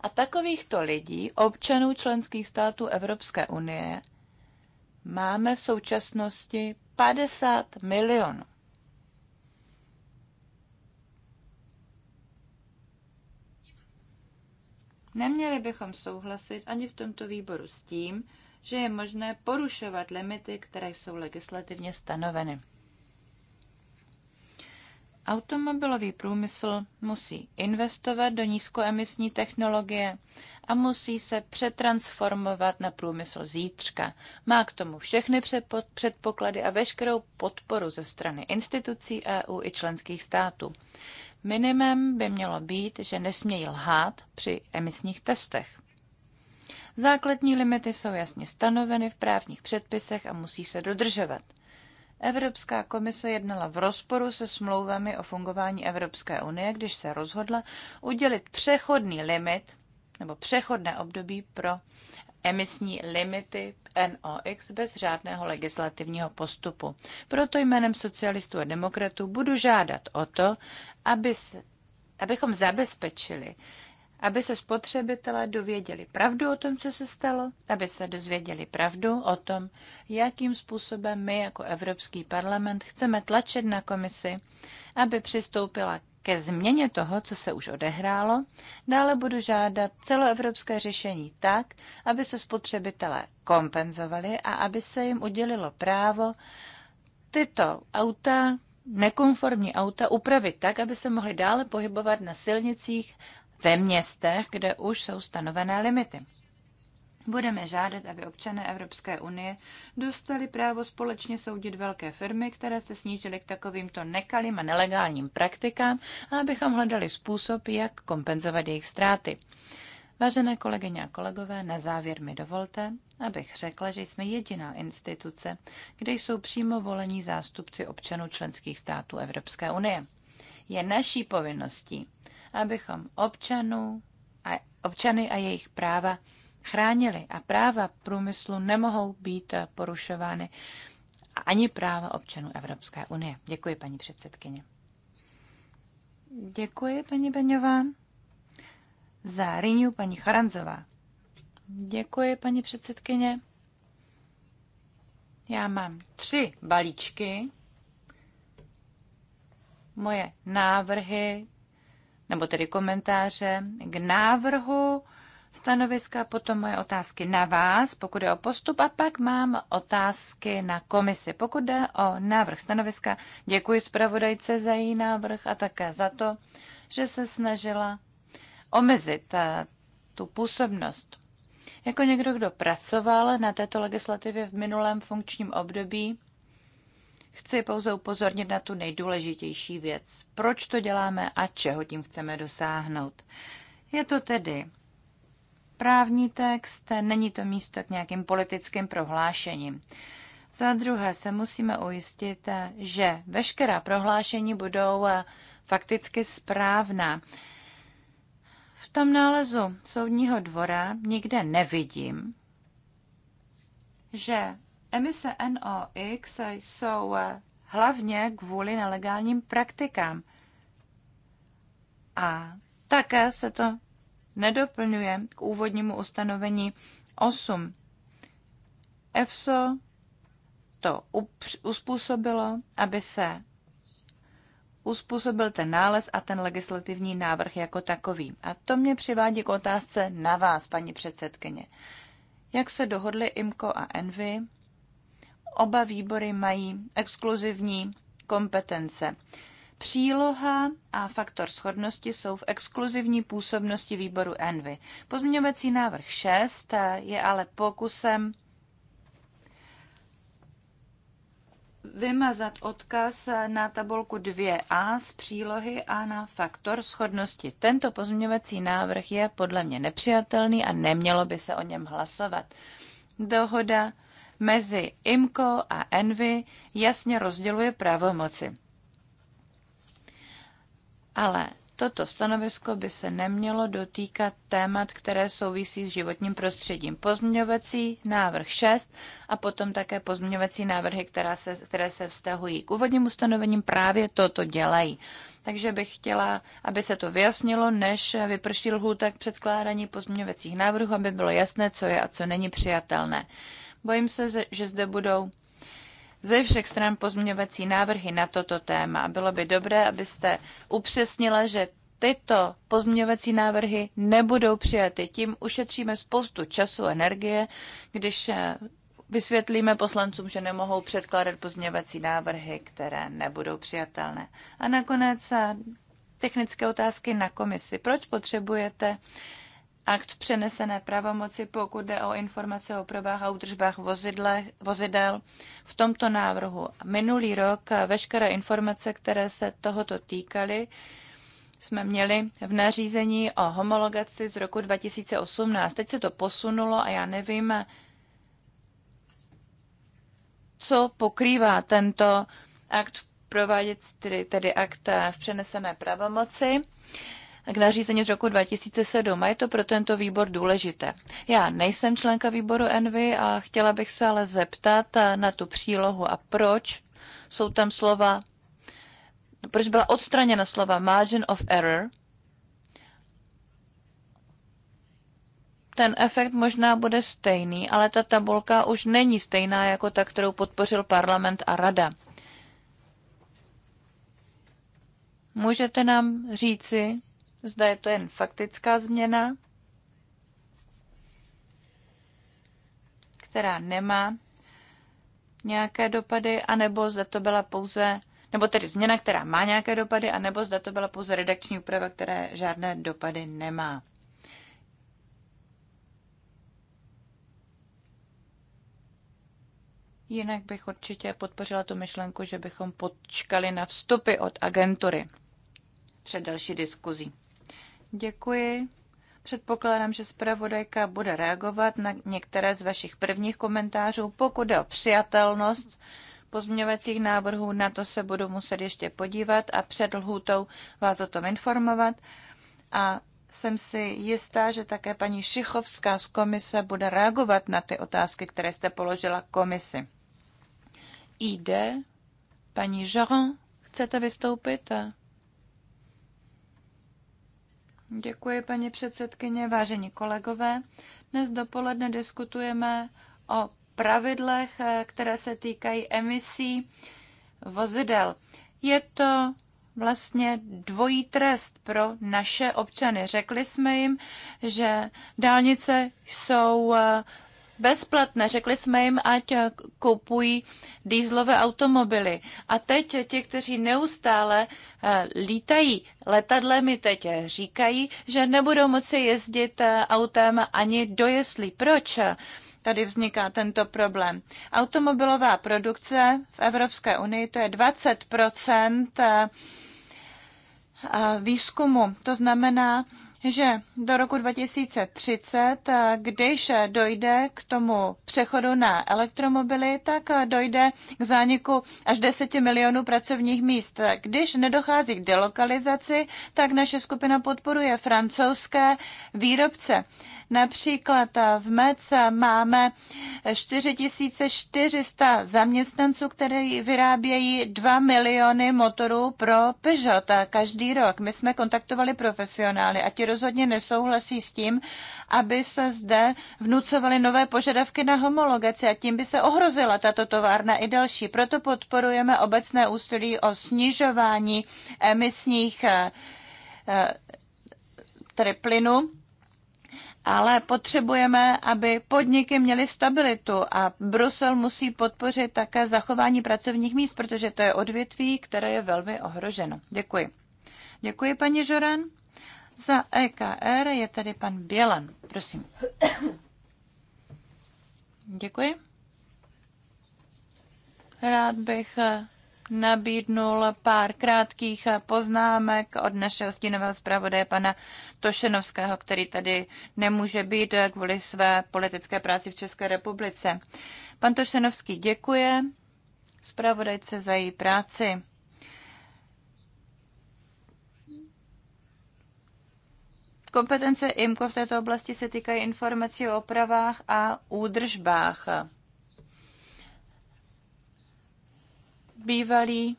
A takovýchto lidí, občanů členských států Evropské unie, máme v současnosti 50 milionů. Neměli bychom souhlasit ani v tomto výboru s tím, že je možné porušovat limity, které jsou legislativně stanoveny. Automobilový průmysl musí investovat do nízkoemisní technologie a musí se přetransformovat na průmysl zítřka. Má k tomu všechny předpoklady a veškerou podporu ze strany institucí EU i členských států. Minimem by mělo být, že nesmějí lhát při emisních testech. Základní limity jsou jasně stanoveny v právních předpisech a musí se dodržovat. Evropská komise jednala v rozporu se smlouvami o fungování Evropské unie, když se rozhodla udělit přechodný limit nebo přechodné období pro emisní limity NOx bez řádného legislativního postupu. Proto jménem socialistů a demokratů budu žádat o to, aby se, abychom zabezpečili, aby se spotřebitelé dověděli pravdu o tom, co se stalo, aby se dozvěděli pravdu o tom, jakým způsobem my jako Evropský parlament chceme tlačit na komisi, aby přistoupila ke změně toho, co se už odehrálo. Dále budu žádat celoevropské řešení tak, aby se spotřebitelé kompenzovali a aby se jim udělilo právo tyto auta, nekonformní auta upravit tak, aby se mohly dále pohybovat na silnicích ve městech, kde už jsou stanovené limity. Budeme žádat, aby občané Evropské unie dostali právo společně soudit velké firmy, které se snížily k takovýmto nekalým a nelegálním praktikám a abychom hledali způsob, jak kompenzovat jejich ztráty. Vážené kolegyně a kolegové, na závěr mi dovolte, abych řekla, že jsme jediná instituce, kde jsou přímo volení zástupci občanů členských států Evropské unie. Je naší povinností abychom občanů a občany a jejich práva chránili. A práva průmyslu nemohou být eh, porušovány ani práva občanů Evropské unie. Děkuji, paní předsedkyně. Děkuji, paní Beňová. Za Rinu paní Charanzová. Děkuji, paní předsedkyně. Já mám tři balíčky. Moje návrhy nebo tedy komentáře k návrhu stanoviska, potom moje otázky na vás, pokud je o postup, a pak mám otázky na komisi. Pokud jde o návrh stanoviska, děkuji zpravodajce za její návrh a také za to, že se snažila omezit eh, tu působnost. Jako někdo, kdo pracoval na této legislativě v minulém funkčním období, Chci pouze upozornit na tu nejdůležitější věc. Proč to děláme a čeho tím chceme dosáhnout? Je to tedy právní text, není to místo k nějakým politickým prohlášením. Za druhé se musíme ujistit, že veškerá prohlášení budou eh, fakticky správná. V tom nálezu soudního dvora nikde nevidím, že Emise NOx jsou eh, hlavně kvůli nelegálním praktikám. A také se to nedoplňuje k úvodnímu ustanovení 8. EFSO to uspůsobilo, aby se uspůsobil ten nález a ten legislativní návrh jako takový. A to mě přivádí k otázce na vás, paní předsedkyně. Jak se dohodli IMKO a ENVY Oba výbory mají exkluzivní kompetence. Příloha a faktor shodnosti jsou v exkluzivní působnosti výboru ENVY. Pozměňovací návrh 6 je ale pokusem vymazat odkaz na tabulku 2a z přílohy a na faktor schodnosti. Tento pozměňovací návrh je podle mě nepřijatelný a nemělo by se o něm hlasovat. Dohoda mezi IMCO a ENVY jasně rozděluje pravomoci. Ale toto stanovisko by se nemělo dotýkat témat, které souvisí s životním prostředím. Pozměňovací návrh 6 a potom také pozměňovací návrhy, která se, které se vztahují k úvodním ustanovením, právě toto dělají. Takže bych chtěla, aby se to vyjasnilo, než vyprší lhůta k předkládání pozměňovacích návrhů, aby bylo jasné, co je a co není přijatelné. Bojím se, že zde budou ze všech stran pozměňovací návrhy na toto téma. Bylo by dobré, abyste upřesnila, že tyto pozměňovací návrhy nebudou přijaty. Tím ušetříme spoustu času a energie, když eh, vysvětlíme poslancům, že nemohou předkládat pozměňovací návrhy, které nebudou přijatelné. A nakonec eh, technické otázky na komisi. Proč potřebujete akt přenesené pravomoci, pokud jde o informace o provách a údržbách vozidle, vozidel. V tomto návrhu minulý rok veškeré informace, které se tohoto týkaly, jsme měli v nařízení o homologaci z roku 2018. Teď se to posunulo a já nevím, co pokrývá tento akt v provádět, tedy, tedy akt v přenesené pravomoci k nařízení z roku 2007 a je to pro tento výbor důležité. Já nejsem členka výboru Envy a chtěla bych se ale zeptat eh, na tu přílohu a proč jsou tam slova, proč byla odstraněna slova margin of error. Ten efekt možná bude stejný, ale ta tabulka už není stejná jako ta, kterou podpořil parlament a rada. Můžete nám říci, Zda je to jen faktická změna, která nemá nějaké dopady, anebo zda to byla pouze, nebo tedy změna, která má nějaké dopady, anebo zda to byla pouze redakční úprava, která žádné dopady nemá. Jinak bych určitě podpořila tu myšlenku, že bychom počkali na vstupy od agentury před další diskuzí. Děkuji. Předpokládám, že zpravodajka bude reagovat na některé z vašich prvních komentářů. Pokud jde o přijatelnost pozměňovacích návrhů, na to se budu muset ještě podívat a před lhůtou vás o tom informovat. A jsem si jistá, že také paní Šichovská z komise bude reagovat na ty otázky, které jste položila komisi. Jde, paní Jean, chcete vystoupit? Děkuji, paní předsedkyně, vážení kolegové. Dnes dopoledne diskutujeme o pravidlech, eh, které se týkají emisí vozidel. Je to vlastně dvojí trest pro naše občany. Řekli jsme jim, že dálnice jsou eh, bezplatné. Řekli jsme jim, ať kupují dýzlové automobily. A teď ti, kteří neustále eh, lítají letadlemi mi teď říkají, že nebudou moci jezdit eh, autem ani do jeslí. Proč? Tady vzniká tento problém. Automobilová produkce v Evropské unii to je 20 eh, výzkumu. To znamená, že do roku 2030, eh, když dojde k tomu přechodu na elektromobily, tak eh, dojde k zániku až 10 milionů pracovních míst. Když nedochází k delokalizaci, tak naše skupina podporuje francouzské výrobce. Například eh, v MEC máme 4400 zaměstnanců, které vyrábějí 2 miliony motorů pro Peugeot každý rok. My jsme kontaktovali profesionály a ti rozhodně nesouhlasí s tím, aby se zde vnucovaly nové požadavky na homologaci a tím by se ohrozila tato továrna i další. Proto podporujeme obecné úsilí o snižování emisních eh, eh, tedy plynu ale potřebujeme, aby podniky měly stabilitu a Brusel musí podpořit také zachování pracovních míst, protože to je odvětví, které je velmi ohroženo. Děkuji. Děkuji, paní Žoran. Za EKR je tady pan Bělan. Prosím. Děkuji. Rád bych eh, nabídnul pár krátkých eh, poznámek od našeho stínového zpravodaje pana Tošenovského, který tady nemůže být eh, kvůli své politické práci v České republice. Pan Tošenovský děkuje zpravodajce za její práci. Kompetence IMCO v této oblasti se týkají informací o opravách a údržbách. Bývalý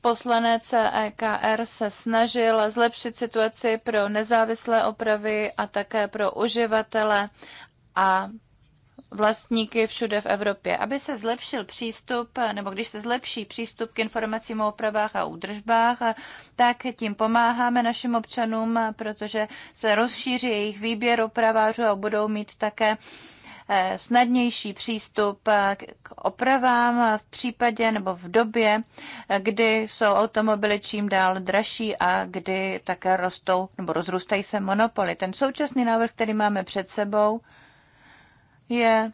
poslanec EKR se snažil zlepšit situaci pro nezávislé opravy a také pro uživatele a vlastníky všude v Evropě. Aby se zlepšil přístup, nebo když se zlepší přístup k informacím o opravách a údržbách, tak tím pomáháme našim občanům, protože se rozšíří jejich výběr opravářů a budou mít také eh, snadnější přístup eh, k opravám v případě nebo v době, eh, kdy jsou automobily čím dál dražší a kdy také rostou nebo rozrůstají se monopoly. Ten současný návrh, který máme před sebou, je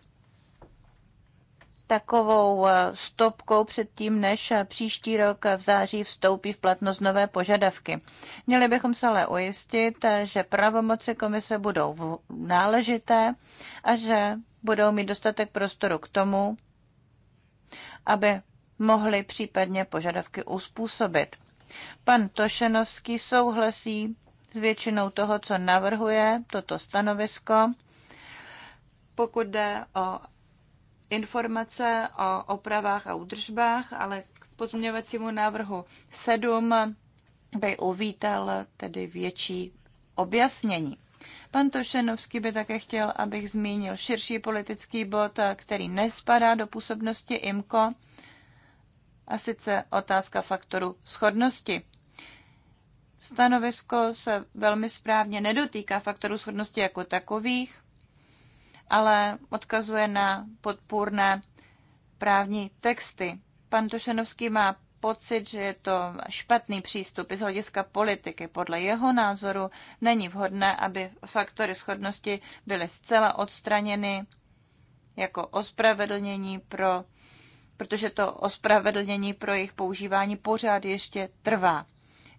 takovou eh, stopkou před tím, než eh, příští rok v září vstoupí v platnost nové požadavky. Měli bychom se ale ujistit, eh, že pravomoci komise budou náležité a že budou mít dostatek prostoru k tomu, aby mohli případně požadavky uspůsobit. Pan Tošenovský souhlasí s většinou toho, co navrhuje toto stanovisko pokud jde o informace o opravách a údržbách, ale k pozměňovacímu návrhu 7 by uvítal tedy větší objasnění. Pan Tošenovský by také chtěl, abych zmínil širší politický bod, který nespadá do působnosti IMCO, a sice otázka faktoru schodnosti. Stanovisko se velmi správně nedotýká faktorů schodnosti jako takových, ale odkazuje na podpůrné právní texty. Pan Tošenovský má pocit, že je to špatný přístup i z hlediska politiky. Podle jeho názoru není vhodné, aby faktory schodnosti byly zcela odstraněny jako ospravedlnění pro, protože to ospravedlnění pro jejich používání pořád ještě trvá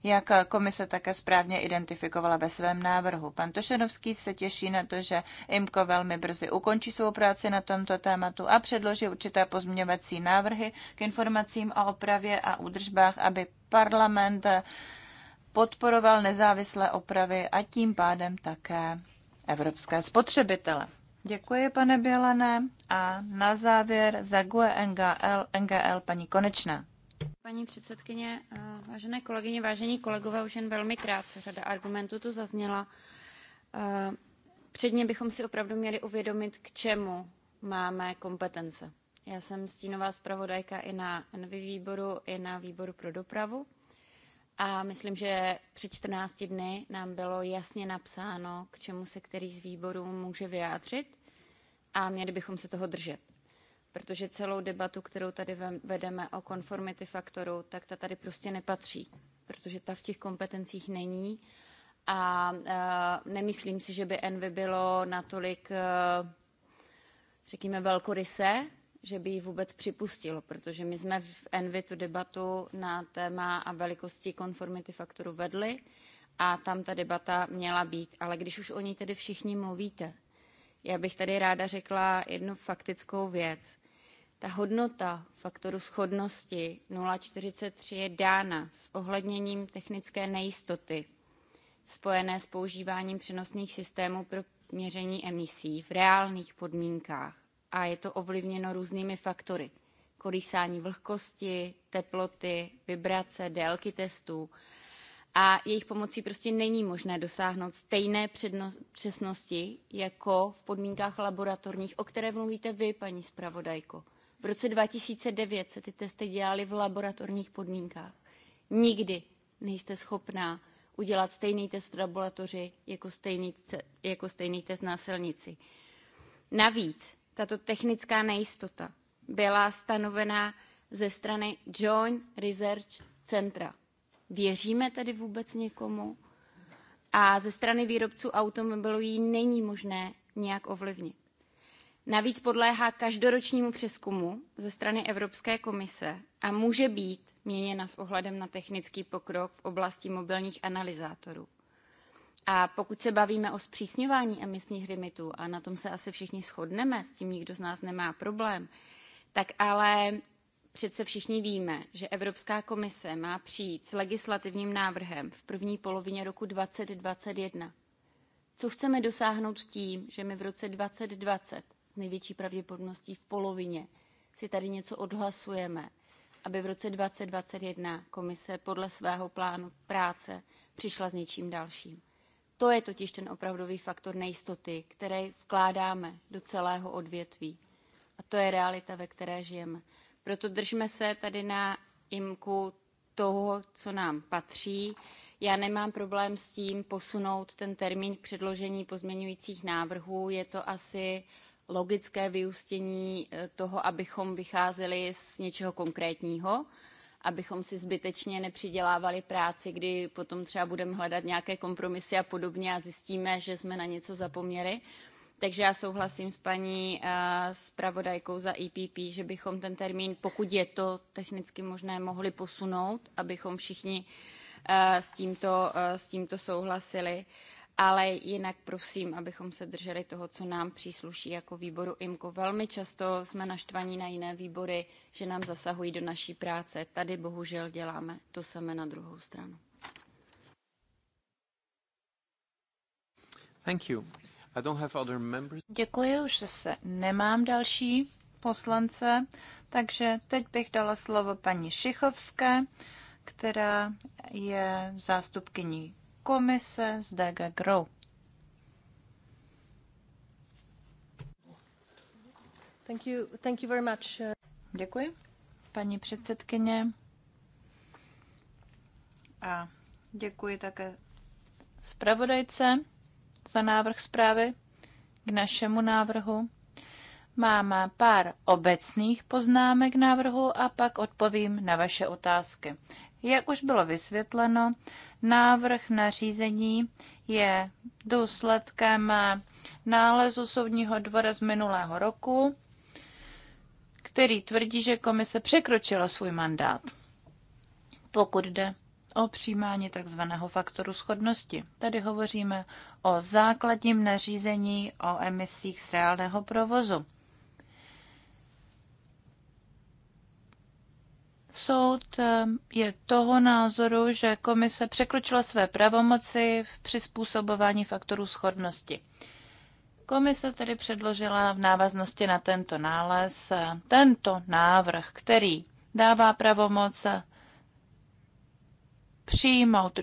jak komise také správně identifikovala ve svém návrhu. Pan Tošenovský se těší na to, že IMKO velmi brzy ukončí svou práci na tomto tématu a předloží určité pozměňovací návrhy k informacím o opravě a údržbách, aby parlament podporoval nezávislé opravy a tím pádem také evropské spotřebitele. Děkuji, pane Bělané. A na závěr za GUE NGL, NGL paní Konečná. Paní předsedkyně, eh, vážené kolegyně, vážení kolegové, už jen velmi krátce řada argumentů tu zazněla. Eh, předně bychom si opravdu měli uvědomit, k čemu máme kompetence. Já jsem stínová zpravodajka i na Envy výboru, i na výboru pro dopravu. A myslím, že před 14 dny nám bylo jasně napsáno, k čemu se který z výborů může vyjádřit a měli bychom se toho držet protože celou debatu, kterou tady vedeme o konformity faktoru, tak ta tady prostě nepatří, protože ta v těch kompetencích není a eh, nemyslím si, že by Envy bylo natolik, eh, řekněme, velkoryse, že by ji vůbec připustilo, protože my jsme v Envy tu debatu na téma a velikosti konformity faktoru vedli a tam ta debata měla být. Ale když už o ní tedy všichni mluvíte, já bych tady ráda řekla jednu faktickou věc. Ta hodnota faktoru schodnosti 0,43 je dána s ohledněním technické nejistoty spojené s používáním přenosných systémů pro měření emisí v reálných podmínkách a je to ovlivněno různými faktory. Kolísání vlhkosti, teploty, vibrace, délky testů a jejich pomocí prostě není možné dosáhnout stejné přesnosti jako v podmínkách laboratorních, o které mluvíte vy, paní zpravodajko. V roce 2009 se ty testy dělaly v laboratorních podmínkách. Nikdy nejste schopná udělat stejný test v laboratoři jako stejný, jako stejný test na silnici. Navíc tato technická nejistota byla stanovená ze strany Joint Research Centra. Věříme tedy vůbec někomu? A ze strany výrobců automobilů ji není možné nějak ovlivnit. Navíc podléhá každoročnímu přeskumu ze strany Evropské komise a může být měněna s ohledem na technický pokrok v oblasti mobilních analyzátorů. A pokud se bavíme o zpřísňování emisních limitů, a na tom se asi všichni shodneme, s tím nikdo z nás nemá problém, tak ale přece všichni víme, že Evropská komise má přijít s legislativním návrhem v první polovině roku 2021. Co chceme dosáhnout tím, že my v roce 2020 největší pravděpodobností v polovině si tady něco odhlasujeme, aby v roce 2021 komise podle svého plánu práce přišla s něčím dalším. To je totiž ten opravdový faktor nejistoty, který vkládáme do celého odvětví. A to je realita, ve které žijeme. Proto držme se tady na imku toho, co nám patří. Já nemám problém s tím posunout ten termín k předložení pozměňujících návrhů. Je to asi uh, logické vyústění eh, toho, abychom vycházeli z něčeho konkrétního, abychom si zbytečně nepřidělávali práci, kdy potom třeba budeme hledat nějaké kompromisy a podobně a zjistíme, že jsme na něco zapomněli. Takže já souhlasím s paní eh, zpravodajkou za EPP, že bychom ten termín, pokud je to technicky možné, mohli posunout, abychom všichni eh, s tímto, s tímto souhlasili ale jinak prosím, abychom se drželi toho, co nám přísluší jako výboru IMKO. Velmi často jsme naštvaní na jiné výbory, že nám zasahují do naší práce. Tady bohužel děláme to samé na druhou stranu. Thank you. I don't have other members. Děkuji, už zase nemám další poslance, takže teď bych dala slovo paní Šichovské, která je zástupkyní komise z DG Grow. Thank you, thank you very much. Děkuji, paní předsedkyně. A děkuji také zpravodajce za návrh zprávy k našemu návrhu. Mám pár obecných poznámek návrhu a pak odpovím na vaše otázky. Jak už bylo vysvětleno, návrh nařízení je důsledkem nálezu Soudního dvora z minulého roku, který tvrdí, že komise překročila svůj mandát, pokud jde o přijímání tzv. faktoru schodnosti. Tady hovoříme o základním nařízení o emisích z reálného provozu. Soud eh, je toho názoru, že komise překročila své pravomoci v přizpůsobování faktorů schodnosti. Komise tedy předložila v návaznosti na tento nález eh, tento návrh, který dává pravomoc eh, přijmout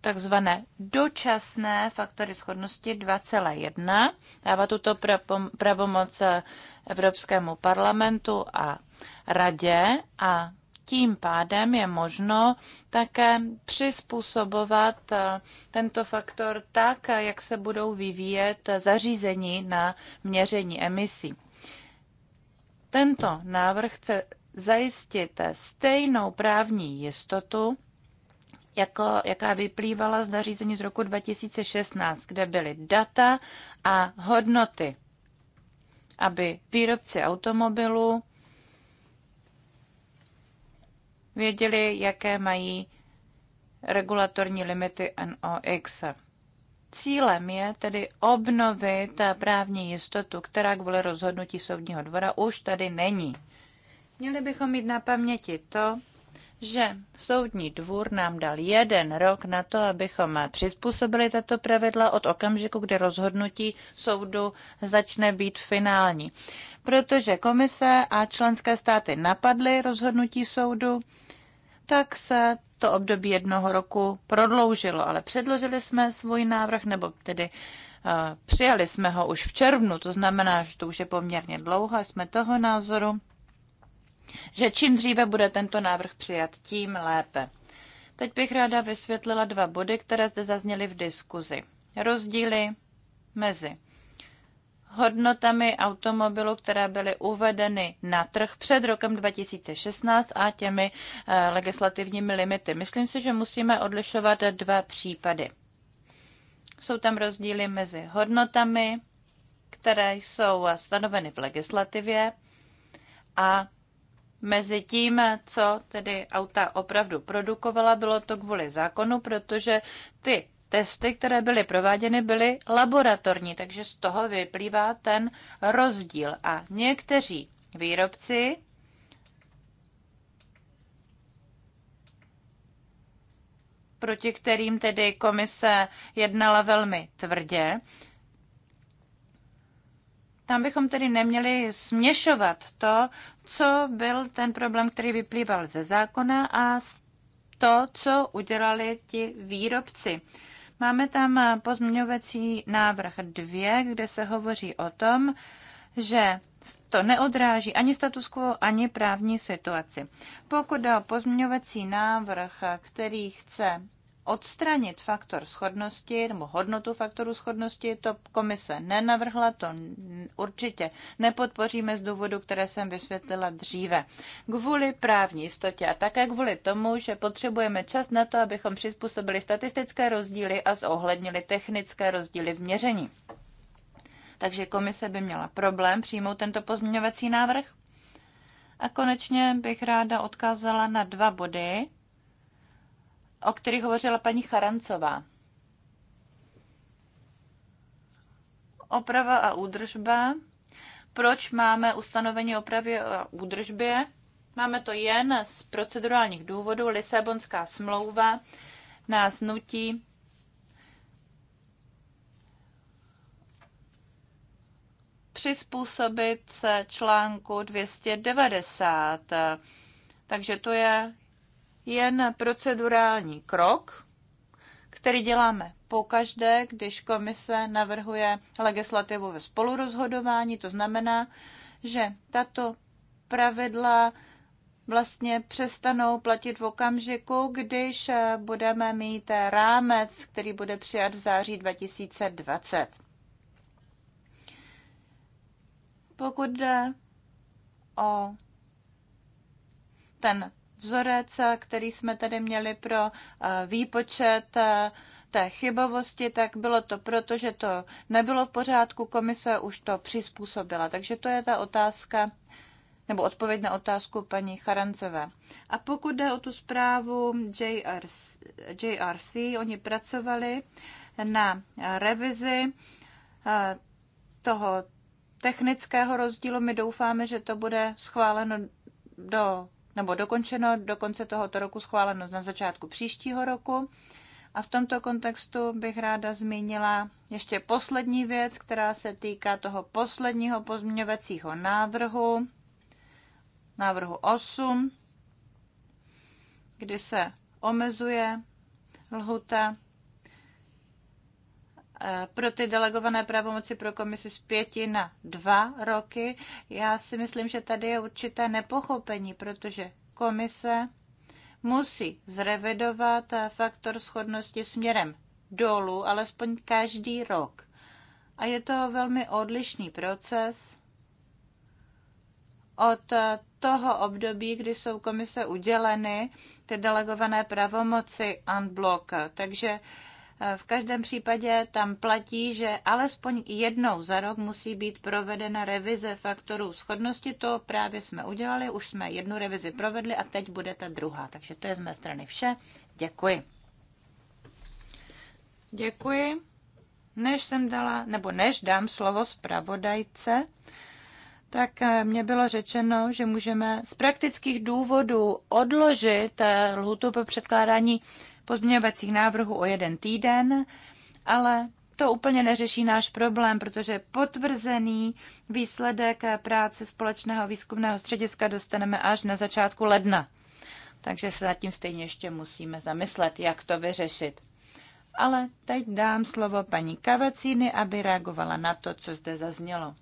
takzvané dočasné faktory schodnosti 2,1. Dává tuto pravomoc Evropskému parlamentu a radě a tím pádem je možno také přizpůsobovat eh, tento faktor tak, jak se budou vyvíjet zařízení na měření emisí. Tento návrh chce zajistit stejnou právní jistotu, jako, jaká vyplývala z nařízení z roku 2016, kde byly data a hodnoty, aby výrobci automobilů věděli, jaké mají regulatorní limity NOx. Cílem je tedy obnovit právní jistotu, která kvůli rozhodnutí soudního dvora už tady není. Měli bychom mít na paměti to, že soudní dvůr nám dal jeden rok na to, abychom přizpůsobili tato pravidla od okamžiku, kdy rozhodnutí soudu začne být finální. Protože komise a členské státy napadly rozhodnutí soudu, tak se to období jednoho roku prodloužilo, ale předložili jsme svůj návrh, nebo tedy uh, přijali jsme ho už v červnu, to znamená, že to už je poměrně dlouho a jsme toho názoru, že čím dříve bude tento návrh přijat, tím lépe. Teď bych ráda vysvětlila dva body, které zde zazněly v diskuzi. Rozdíly mezi hodnotami automobilů, které byly uvedeny na trh před rokem 2016 a těmi eh, legislativními limity. Myslím si, že musíme odlišovat dva případy. Jsou tam rozdíly mezi hodnotami, které jsou stanoveny v legislativě a mezi tím, co tedy auta opravdu produkovala, bylo to kvůli zákonu, protože ty testy, které byly prováděny, byly laboratorní, takže z toho vyplývá ten rozdíl. A někteří výrobci proti kterým tedy komise jednala velmi tvrdě. Tam bychom tedy neměli směšovat to, co byl ten problém, který vyplýval ze zákona a to, co udělali ti výrobci. Máme tam pozměňovací návrh 2, kde se hovoří o tom, že to neodráží ani status quo, ani právní situaci. Pokud o pozměňovací návrh, který chce odstranit faktor schodnosti nebo hodnotu faktoru schodnosti, to komise nenavrhla, to určitě nepodpoříme z důvodu, které jsem vysvětlila dříve. Kvůli právní jistotě a také kvůli tomu, že potřebujeme čas na to, abychom přizpůsobili statistické rozdíly a zohlednili technické rozdíly v měření. Takže komise by měla problém přijmout tento pozměňovací návrh. A konečně bych ráda odkázala na dva body, o kterých hovořila paní Charancová. Oprava a údržba. Proč máme ustanovení opravy a údržbě? Máme to jen z procedurálních důvodů. Lisabonská smlouva nás nutí přizpůsobit se článku 290. Takže to je jen procedurální krok, který děláme pokaždé, když komise navrhuje legislativu ve spolurozhodování. To znamená, že tato pravidla vlastně přestanou platit v okamžiku, když budeme mít rámec, který bude přijat v září 2020. Pokud jde o ten vzorec, který jsme tady měli pro eh, výpočet eh, té chybovosti, tak bylo to proto, že to nebylo v pořádku, komise už to přizpůsobila. Takže to je ta otázka, nebo odpověď na otázku paní Charancové. A pokud jde o tu zprávu JRC, JRC oni pracovali na revizi eh, toho technického rozdílu. My doufáme, že to bude schváleno do nebo dokončeno do konce tohoto roku, schváleno na začátku příštího roku. A v tomto kontextu bych ráda zmínila ještě poslední věc, která se týká toho posledního pozměňovacího návrhu, návrhu 8, kdy se omezuje lhuta pro ty delegované pravomoci pro komisi z pěti na dva roky. Já si myslím, že tady je určité nepochopení, protože komise musí zrevidovat eh, faktor schodnosti směrem dolů, alespoň každý rok. A je to velmi odlišný proces od eh, toho období, kdy jsou komise uděleny ty delegované pravomoci unblock. Takže v každém případě tam platí, že alespoň jednou za rok musí být provedena revize faktorů schodnosti. To právě jsme udělali, už jsme jednu revizi provedli a teď bude ta druhá. Takže to je z mé strany vše. Děkuji. Děkuji. Než jsem dala, nebo než dám slovo zpravodajce, tak eh, mě bylo řečeno, že můžeme z praktických důvodů odložit eh, lhutu po předkládání pozměňovacích návrhů o jeden týden, ale to úplně neřeší náš problém, protože potvrzený výsledek práce společného výzkumného střediska dostaneme až na začátku ledna. Takže se zatím stejně ještě musíme zamyslet, jak to vyřešit. Ale teď dám slovo paní Kavacíny, aby reagovala na to, co zde zaznělo.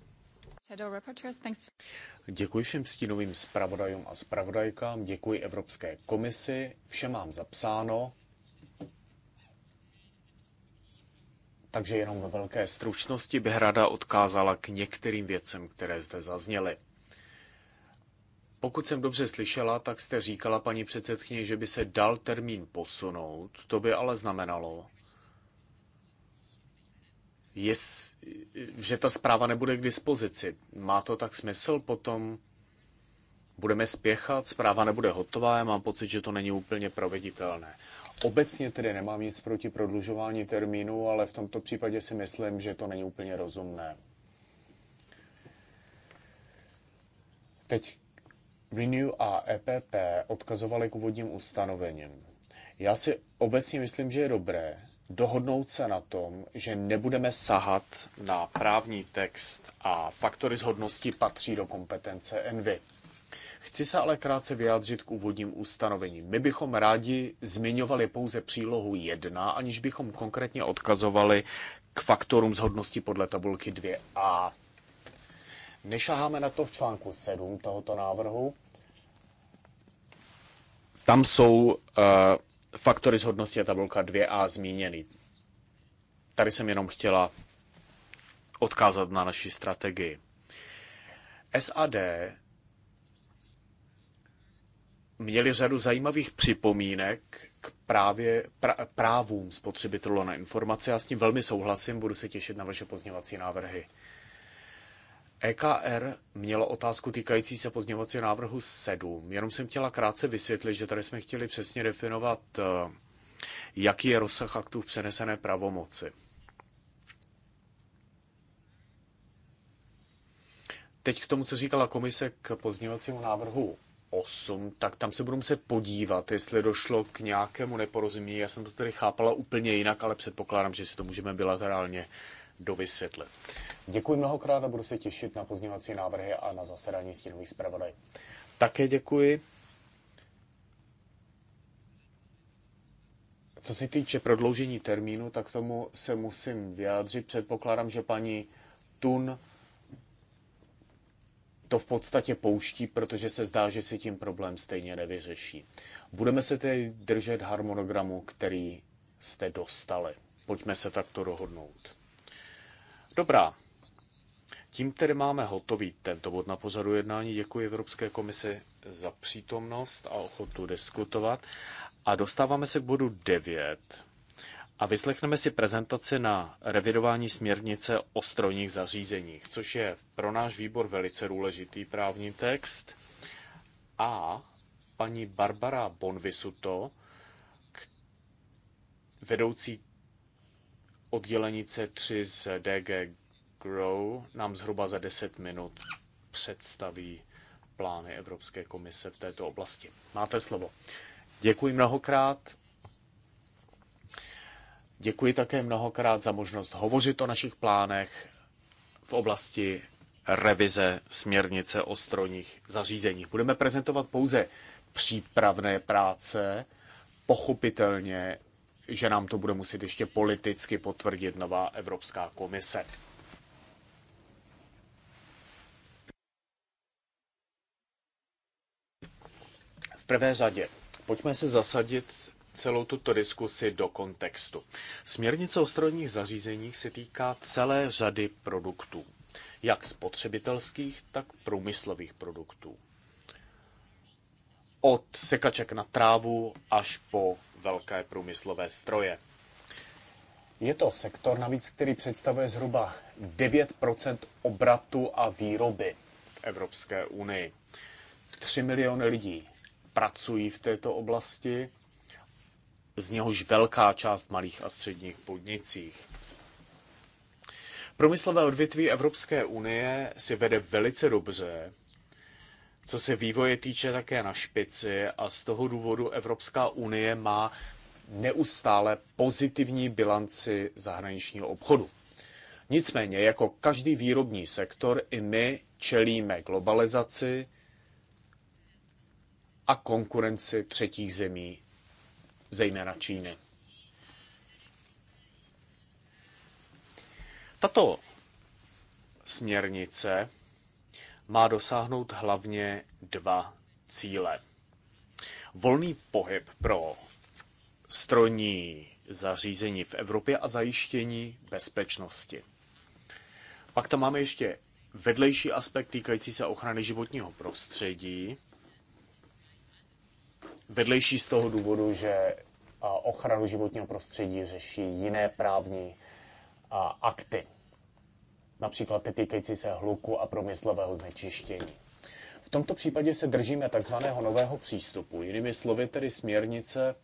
Děkuji všem stínovým zpravodajům a zpravodajkám, děkuji Evropské komisi, vše mám zapsáno Takže jenom ve velké stručnosti bych rada odkázala k některým věcem, které zde zazněly. Pokud jsem dobře slyšela, tak jste říkala, paní předsedkyně, že by se dal termín posunout. To by ale znamenalo, jest, že ta zpráva nebude k dispozici. Má to tak smysl? Potom budeme spěchat, zpráva nebude hotová, já mám pocit, že to není úplně proveditelné. Obecně tedy nemám nic proti prodlužování termínu, ale v tomto případě si myslím, že to není úplně rozumné. Teď Renew a EPP odkazovali k úvodním ustanovením. Já si obecně myslím, že je dobré dohodnout se na tom, že nebudeme sahat na právní text a faktory zhodnosti patří do kompetence Envy. Chci se ale krátce vyjádřit k úvodním ustanovením. My bychom rádi zmiňovali pouze přílohu 1, aniž bychom konkrétně odkazovali k faktorům zhodnosti podle tabulky 2a. Nešaháme na to v článku 7 tohoto návrhu. Tam jsou uh, faktory zhodnosti a tabulka 2a zmíněny. Tady jsem jenom chtěla odkázat na naši strategii. SAD měli řadu zajímavých připomínek k právě pra, právům spotřebitelů na informace. Já s tím velmi souhlasím, budu se těšit na vaše pozněvací návrhy. EKR měla otázku týkající se pozněvací návrhu 7. Jenom jsem chtěla krátce vysvětlit, že tady jsme chtěli přesně definovat, eh, jaký je rozsah aktů v přenesené pravomoci. Teď k tomu, co říkala komise k pozněvacímu návrhu 8, tak tam se budu muset podívat, jestli došlo k nějakému neporozumění. Já jsem to tedy chápala úplně jinak, ale předpokládám, že si to můžeme bilaterálně dovysvětlit. Děkuji mnohokrát a budu se těšit na pozměňovací návrhy a na zasedání stínových zpravodaj. Také děkuji. Co se týče prodloužení termínu, tak tomu se musím vyjádřit. Předpokládám, že paní Tun to v podstatě pouští, protože se zdá, že se tím problém stejně nevyřeší. Budeme se tedy držet harmonogramu, který jste dostali. Pojďme se takto dohodnout. Dobrá. Tím tedy máme hotový tento bod na pořadu jednání. Děkuji Evropské komisi za přítomnost a ochotu diskutovat. A dostáváme se k bodu 9 a vyslechneme si prezentaci na revidování směrnice o strojních zařízeních, což je pro náš výbor velice důležitý právní text. A paní Barbara Bonvisuto, vedoucí oddělení C3 z DG Grow, nám zhruba za 10 minut představí plány Evropské komise v této oblasti. Máte slovo. Děkuji mnohokrát Děkuji také mnohokrát za možnost hovořit o našich plánech v oblasti revize směrnice o strojních zařízeních. Budeme prezentovat pouze přípravné práce. Pochopitelně, že nám to bude muset ještě politicky potvrdit nová Evropská komise. V prvé řadě, pojďme se zasadit celou tuto diskusi do kontextu. Směrnice o strojních zařízeních se týká celé řady produktů, jak spotřebitelských, tak průmyslových produktů. Od sekaček na trávu až po velké průmyslové stroje. Je to sektor navíc, který představuje zhruba 9 obratu a výroby v Evropské unii. 3 miliony lidí pracují v této oblasti z něhož velká část malých a středních podnicích. Průmyslové odvětví Evropské unie si vede velice dobře, co se vývoje týče také na špici a z toho důvodu Evropská unie má neustále pozitivní bilanci zahraničního obchodu. Nicméně, jako každý výrobní sektor, i my čelíme globalizaci a konkurenci třetích zemí zejména Číny. Tato směrnice má dosáhnout hlavně dva cíle. Volný pohyb pro strojní zařízení v Evropě a zajištění bezpečnosti. Pak tam máme ještě vedlejší aspekt týkající se ochrany životního prostředí vedlejší z toho důvodu, že ochranu životního prostředí řeší jiné právní akty, například ty týkající se hluku a promyslového znečištění. V tomto případě se držíme takzvaného nového přístupu. Jinými slovy, tedy směrnice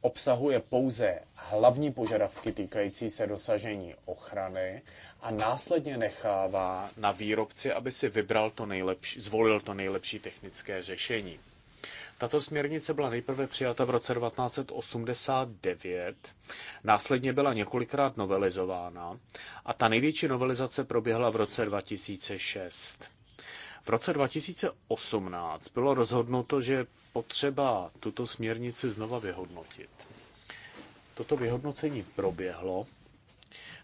obsahuje pouze hlavní požadavky týkající se dosažení ochrany a následně nechává na výrobci, aby si vybral to nejlepší, zvolil to nejlepší technické řešení. Tato směrnice byla nejprve přijata v roce 1989, následně byla několikrát novelizována a ta největší novelizace proběhla v roce 2006. V roce 2018 bylo rozhodnuto, že potřeba tuto směrnici znova vyhodnotit. Toto vyhodnocení proběhlo,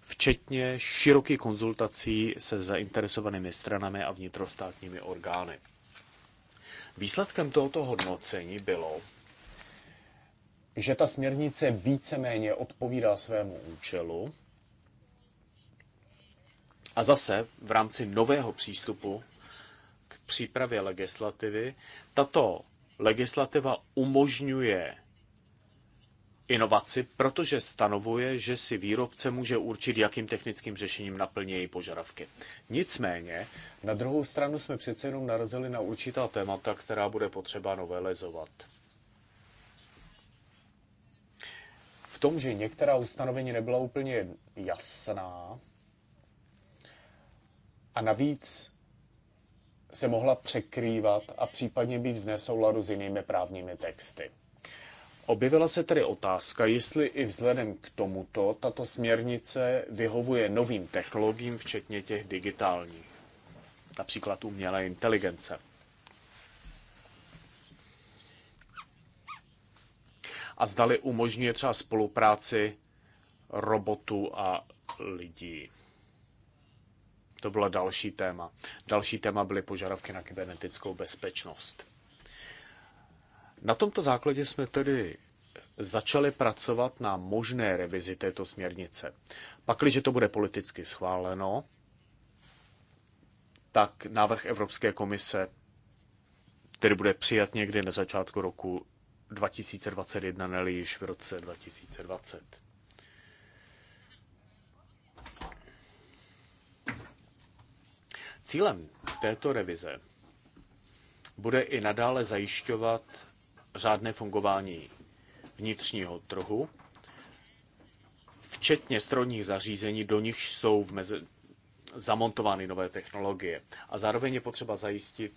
včetně širokých konzultací se zainteresovanými stranami a vnitrostátními orgány. Výsledkem tohoto hodnocení bylo, že ta směrnice víceméně odpovídá svému účelu a zase v rámci nového přístupu k přípravě legislativy tato legislativa umožňuje inovaci, protože stanovuje, že si výrobce může určit, jakým technickým řešením naplní její požadavky. Nicméně, na druhou stranu jsme přece jenom narazili na určitá témata, která bude potřeba novelizovat. V tom, že některá ustanovení nebyla úplně jasná a navíc se mohla překrývat a případně být v nesouladu s jinými právními texty. Objevila se tedy otázka, jestli i vzhledem k tomuto tato směrnice vyhovuje novým technologiím, včetně těch digitálních, například umělé inteligence. A zdali umožňuje třeba spolupráci robotu a lidí. To bylo další téma. Další téma byly požadavky na kybernetickou bezpečnost. Na tomto základě jsme tedy začali pracovat na možné revizi této směrnice. Pakliže to bude politicky schváleno, tak návrh Evropské komise který bude přijat někdy na začátku roku 2021, ne již v roce 2020. Cílem této revize bude i nadále zajišťovat řádné fungování vnitřního trhu, včetně strojních zařízení, do nich jsou v mezi, zamontovány nové technologie. A zároveň je potřeba zajistit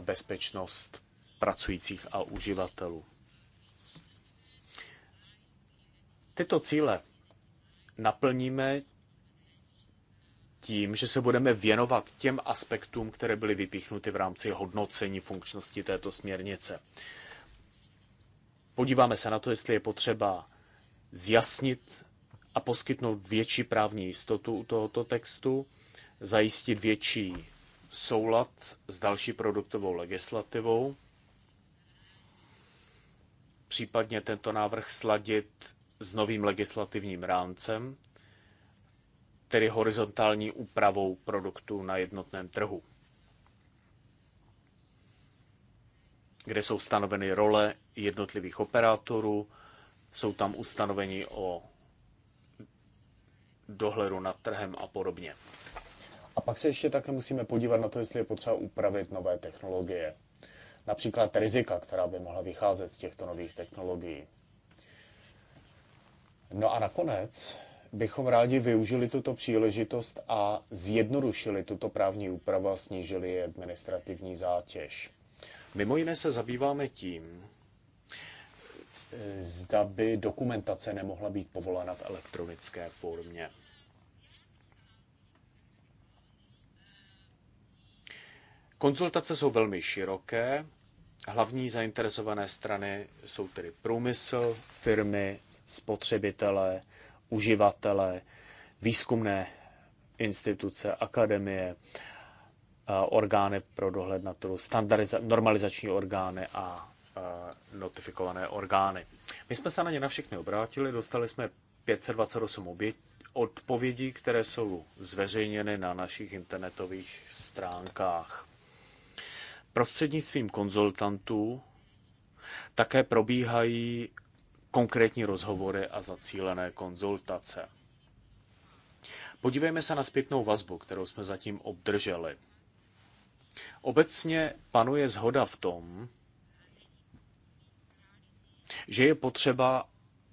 bezpečnost pracujících a uživatelů. Tyto cíle naplníme tím, že se budeme věnovat těm aspektům, které byly vypíchnuty v rámci hodnocení funkčnosti této směrnice. Podíváme se na to, jestli je potřeba zjasnit a poskytnout větší právní jistotu u tohoto textu, zajistit větší soulad s další produktovou legislativou, případně tento návrh sladit s novým legislativním rámcem, tedy horizontální úpravou produktů na jednotném trhu. kde jsou stanoveny role jednotlivých operátorů, jsou tam ustanovení o dohledu nad trhem a podobně. A pak se ještě také musíme podívat na to, jestli je potřeba upravit nové technologie. Například rizika, která by mohla vycházet z těchto nových technologií. No a nakonec bychom rádi využili tuto příležitost a zjednodušili tuto právní úpravu a snížili administrativní zátěž. Mimo jiné se zabýváme tím, zda by dokumentace nemohla být povolána v elektronické formě. Konzultace jsou velmi široké. Hlavní zainteresované strany jsou tedy průmysl, firmy, spotřebitelé, uživatelé, výzkumné instituce, akademie, Eh, orgány pro dohled na trhu, normalizační orgány a eh, notifikované orgány. My jsme se na ně na všechny obrátili, dostali jsme 528 obět, odpovědí, které jsou zveřejněny na našich internetových stránkách. Prostřednictvím konzultantů také probíhají konkrétní rozhovory a zacílené konzultace. Podívejme se na zpětnou vazbu, kterou jsme zatím obdrželi. Obecně panuje zhoda v tom, že je potřeba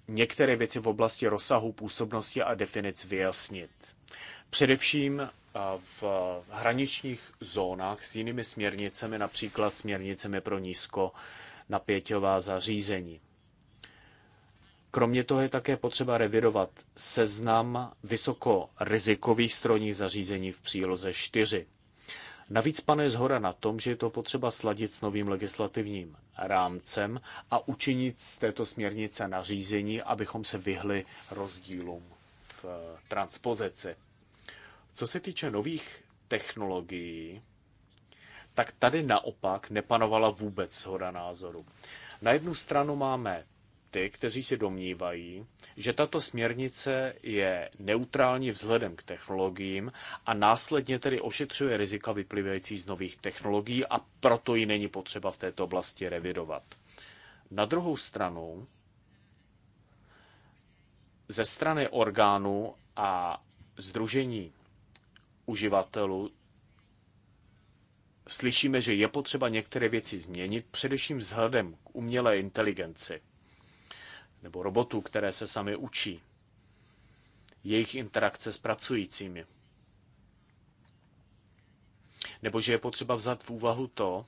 některé věci v oblasti rozsahu působnosti a definic vyjasnit. Především v hraničních zónách s jinými směrnicemi, například směrnicemi pro nízko napěťová zařízení. Kromě toho je také potřeba revidovat seznam vysokorizikových strojních zařízení v příloze 4. Navíc pane zhora na tom, že je to potřeba sladit s novým legislativním rámcem a učinit z této směrnice nařízení, abychom se vyhli rozdílům v eh, transpozici. Co se týče nových technologií, tak tady naopak nepanovala vůbec shoda názoru. Na jednu stranu máme ty, kteří se domnívají, že tato směrnice je neutrální vzhledem k technologiím a následně tedy ošetřuje rizika vyplývající z nových technologií a proto ji není potřeba v této oblasti revidovat. Na druhou stranu, ze strany orgánů a združení uživatelů slyšíme, že je potřeba některé věci změnit, především vzhledem k umělé inteligenci nebo robotů, které se sami učí, jejich interakce s pracujícími. Nebo že je potřeba vzat v úvahu to,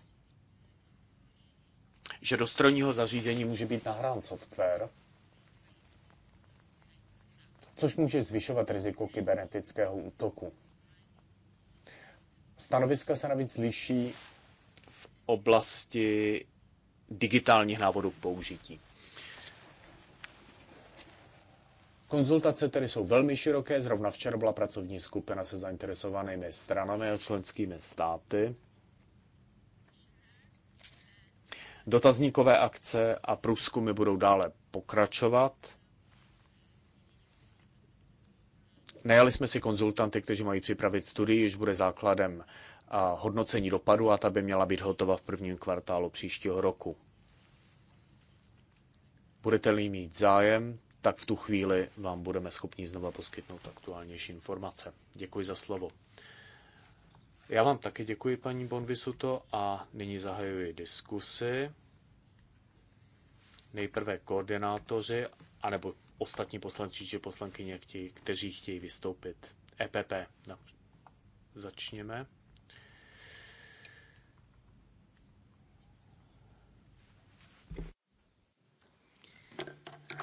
že do strojního zařízení může být nahrán software, což může zvyšovat riziko kybernetického útoku. Stanoviska se navíc liší v oblasti digitálních návodů k použití. Konzultace tedy jsou velmi široké. Zrovna včera byla pracovní skupina se zainteresovanými stranami a členskými státy. Dotazníkové akce a průzkumy budou dále pokračovat. Najali jsme si konzultanty, kteří mají připravit studii, již bude základem hodnocení dopadu a ta by měla být hotova v prvním kvartálu příštího roku. Budete-li mít zájem, tak v tu chvíli vám budeme schopni znova poskytnout aktuálnější informace. Děkuji za slovo. Já vám také děkuji, paní Bonvisuto, a nyní zahajuji diskusy. Nejprve koordinátoři, anebo ostatní poslanci či poslankyně, kteří chtějí vystoupit. EPP. No. Začněme.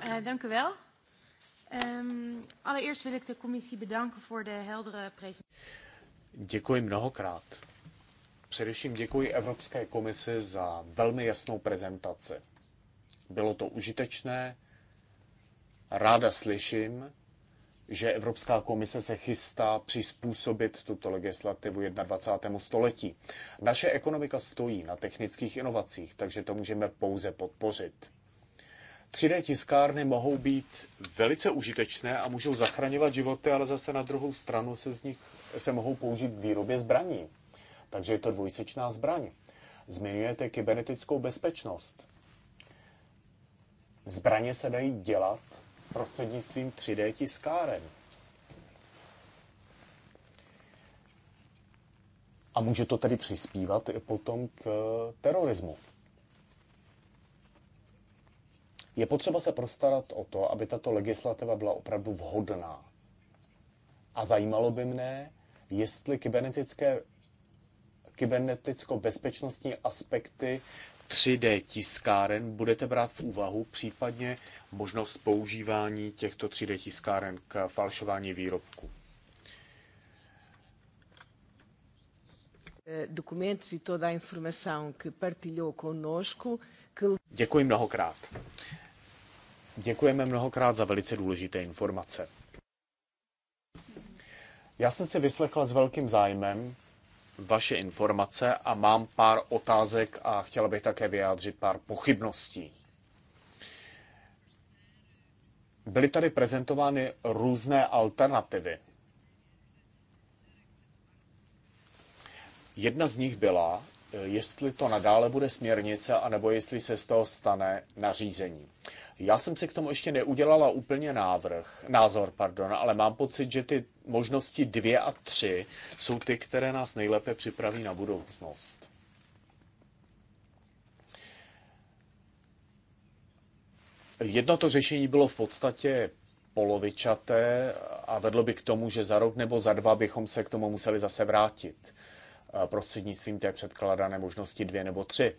Uh, dank u wel. Um, allereerst wil ik de commissie bedanken voor de heldere presentatie. Děkuji mnohokrát. Především děkuji Evropské komisi za velmi jasnou prezentaci. Bylo to užitečné. Ráda slyším, že Evropská komise se chystá přizpůsobit tuto legislativu 21. století. Naše ekonomika stojí na technických inovacích, takže to můžeme pouze podpořit. 3D tiskárny mohou být velice užitečné a můžou zachraňovat životy, ale zase na druhou stranu se z nich se mohou použít v výrobě zbraní. Takže je to dvojsečná zbraň. Zmiňujete kybernetickou bezpečnost. Zbraně se dají dělat prostřednictvím 3D tiskáren. A může to tedy přispívat i potom k terorismu. Je potřeba se prostarat o to, aby tato legislativa byla opravdu vhodná. A zajímalo by mne, jestli kybernetické, kyberneticko-bezpečnostní aspekty 3D tiskáren budete brát v úvahu, případně možnost používání těchto 3D tiskáren k falšování výrobku. Eh, documentos e toda a informação que partilhou conosco. Děkuji mnohokrát. Děkujeme mnohokrát za velice důležité informace. Já jsem si vyslechla s velkým zájmem vaše informace a mám pár otázek a chtěla bych také vyjádřit pár pochybností. Byly tady prezentovány různé alternativy. Jedna z nich byla, Eh, jestli to nadále bude směrnice, anebo jestli se z toho stane nařízení. Já jsem si k tomu ještě neudělala úplně návrh, názor, pardon, ale mám pocit, že ty možnosti dvě a tři jsou ty, které nás nejlépe připraví na budoucnost. Jedno to řešení bylo v podstatě polovičaté a vedlo by k tomu, že za rok nebo za dva bychom se k tomu museli zase vrátit. Eh, prostřednictvím té předkládané možnosti dvě nebo tři.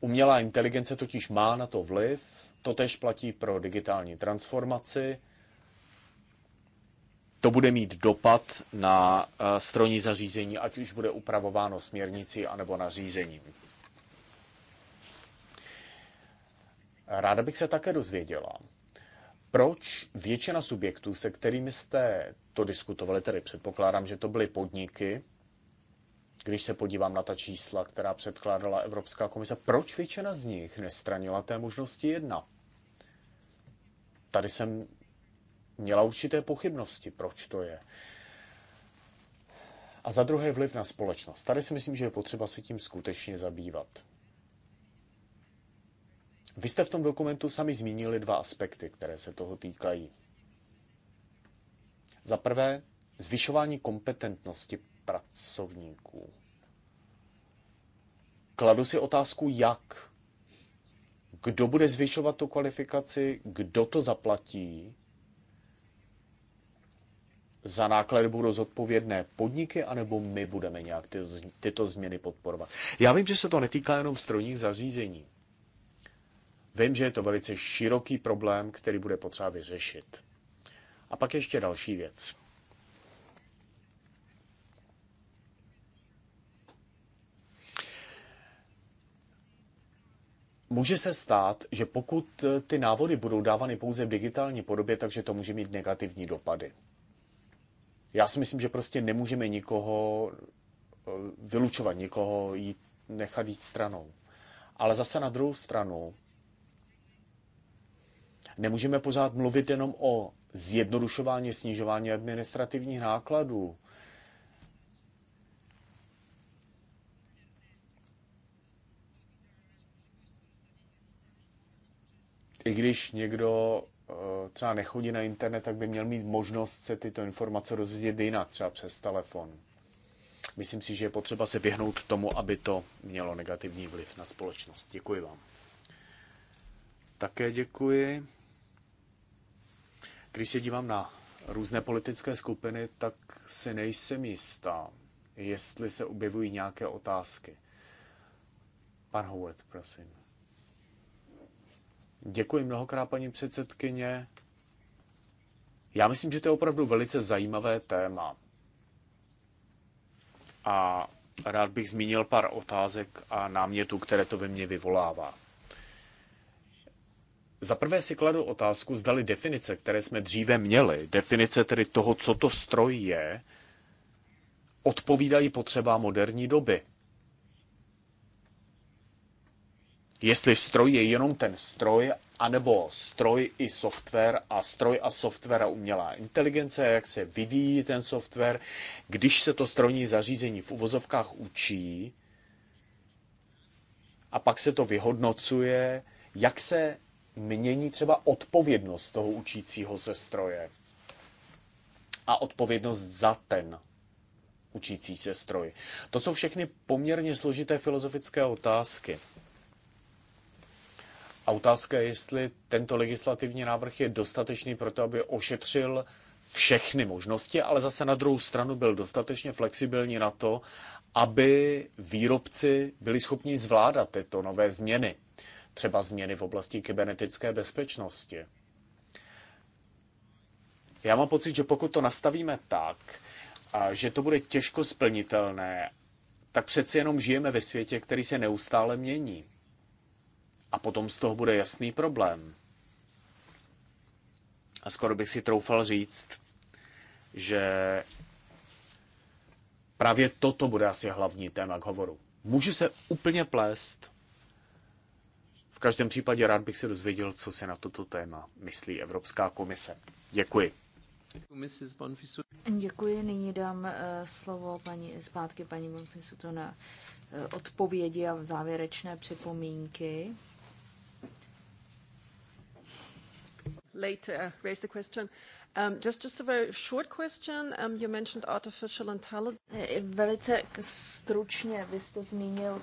Umělá inteligence totiž má na to vliv, to tež platí pro digitální transformaci. To bude mít dopad na eh, strojní zařízení, ať už bude upravováno směrnicí anebo nařízením. Ráda bych se také dozvěděla, proč většina subjektů, se kterými jste to diskutovali, tedy předpokládám, že to byly podniky, když se podívám na ta čísla, která předkládala Evropská komise, proč většina z nich nestranila té možnosti jedna? Tady jsem měla určité pochybnosti, proč to je. A za druhé vliv na společnost. Tady si myslím, že je potřeba se tím skutečně zabývat. Vy jste v tom dokumentu sami zmínili dva aspekty, které se toho týkají. Za prvé, zvyšování kompetentnosti pracovníků. Kladu si otázku, jak. Kdo bude zvyšovat tu kvalifikaci, kdo to zaplatí, za náklady budou zodpovědné podniky, anebo my budeme nějak ty, tyto změny podporovat. Já vím, že se to netýká jenom strojních zařízení. Vím, že je to velice široký problém, který bude potřeba vyřešit. A pak ještě další věc. Může se stát, že pokud eh, ty návody budou dávány pouze v digitální podobě, takže to může mít negativní dopady. Já si myslím, že prostě nemůžeme nikoho eh, vylučovat, nikoho jít, nechat jít stranou. Ale zase na druhou stranu Nemůžeme pořád mluvit jenom o zjednodušování, snižování administrativních nákladů. I když někdo eh, třeba nechodí na internet, tak by měl mít možnost se tyto informace rozvědět jinak, třeba přes telefon. Myslím si, že je potřeba se vyhnout tomu, aby to mělo negativní vliv na společnost. Děkuji vám. Také děkuji. Když se dívám na různé politické skupiny, tak si nejsem jistá, jestli se objevují nějaké otázky. Pan Howard, prosím. Děkuji mnohokrát, paní předsedkyně. Já myslím, že to je opravdu velice zajímavé téma. A rád bych zmínil pár otázek a námětů, které to ve mně vyvolává. Za prvé si kladu otázku, zdali definice, které jsme dříve měli, definice tedy toho, co to stroj je, odpovídají potřeba moderní doby. Jestli stroj je jenom ten stroj, anebo stroj i software a stroj a software a umělá inteligence, jak se vyvíjí ten software, když se to strojní zařízení v uvozovkách učí a pak se to vyhodnocuje, jak se mění třeba odpovědnost toho učícího se stroje a odpovědnost za ten učící se stroj. To jsou všechny poměrně složité filozofické otázky. A otázka je, jestli tento legislativní návrh je dostatečný pro to, aby ošetřil všechny možnosti, ale zase na druhou stranu byl dostatečně flexibilní na to, aby výrobci byli schopni zvládat tyto nové změny třeba změny v oblasti kybernetické bezpečnosti. Já mám pocit, že pokud to nastavíme tak, a že to bude těžko splnitelné, tak přeci jenom žijeme ve světě, který se neustále mění. A potom z toho bude jasný problém. A skoro bych si troufal říct, že právě toto bude asi hlavní téma k hovoru. Můžu se úplně plést, v každém případě rád bych se dozvěděl, co se na toto téma myslí Evropská komise. Děkuji. Děkuji. Nyní dám eh, slovo paní, zpátky paní Bonfisuto na eh, odpovědi a závěrečné připomínky. Later, uh, raise the question. Um, just, just a very short question. Um, you mentioned artificial intelligence. Eh, velice stručně, vy jste zmínil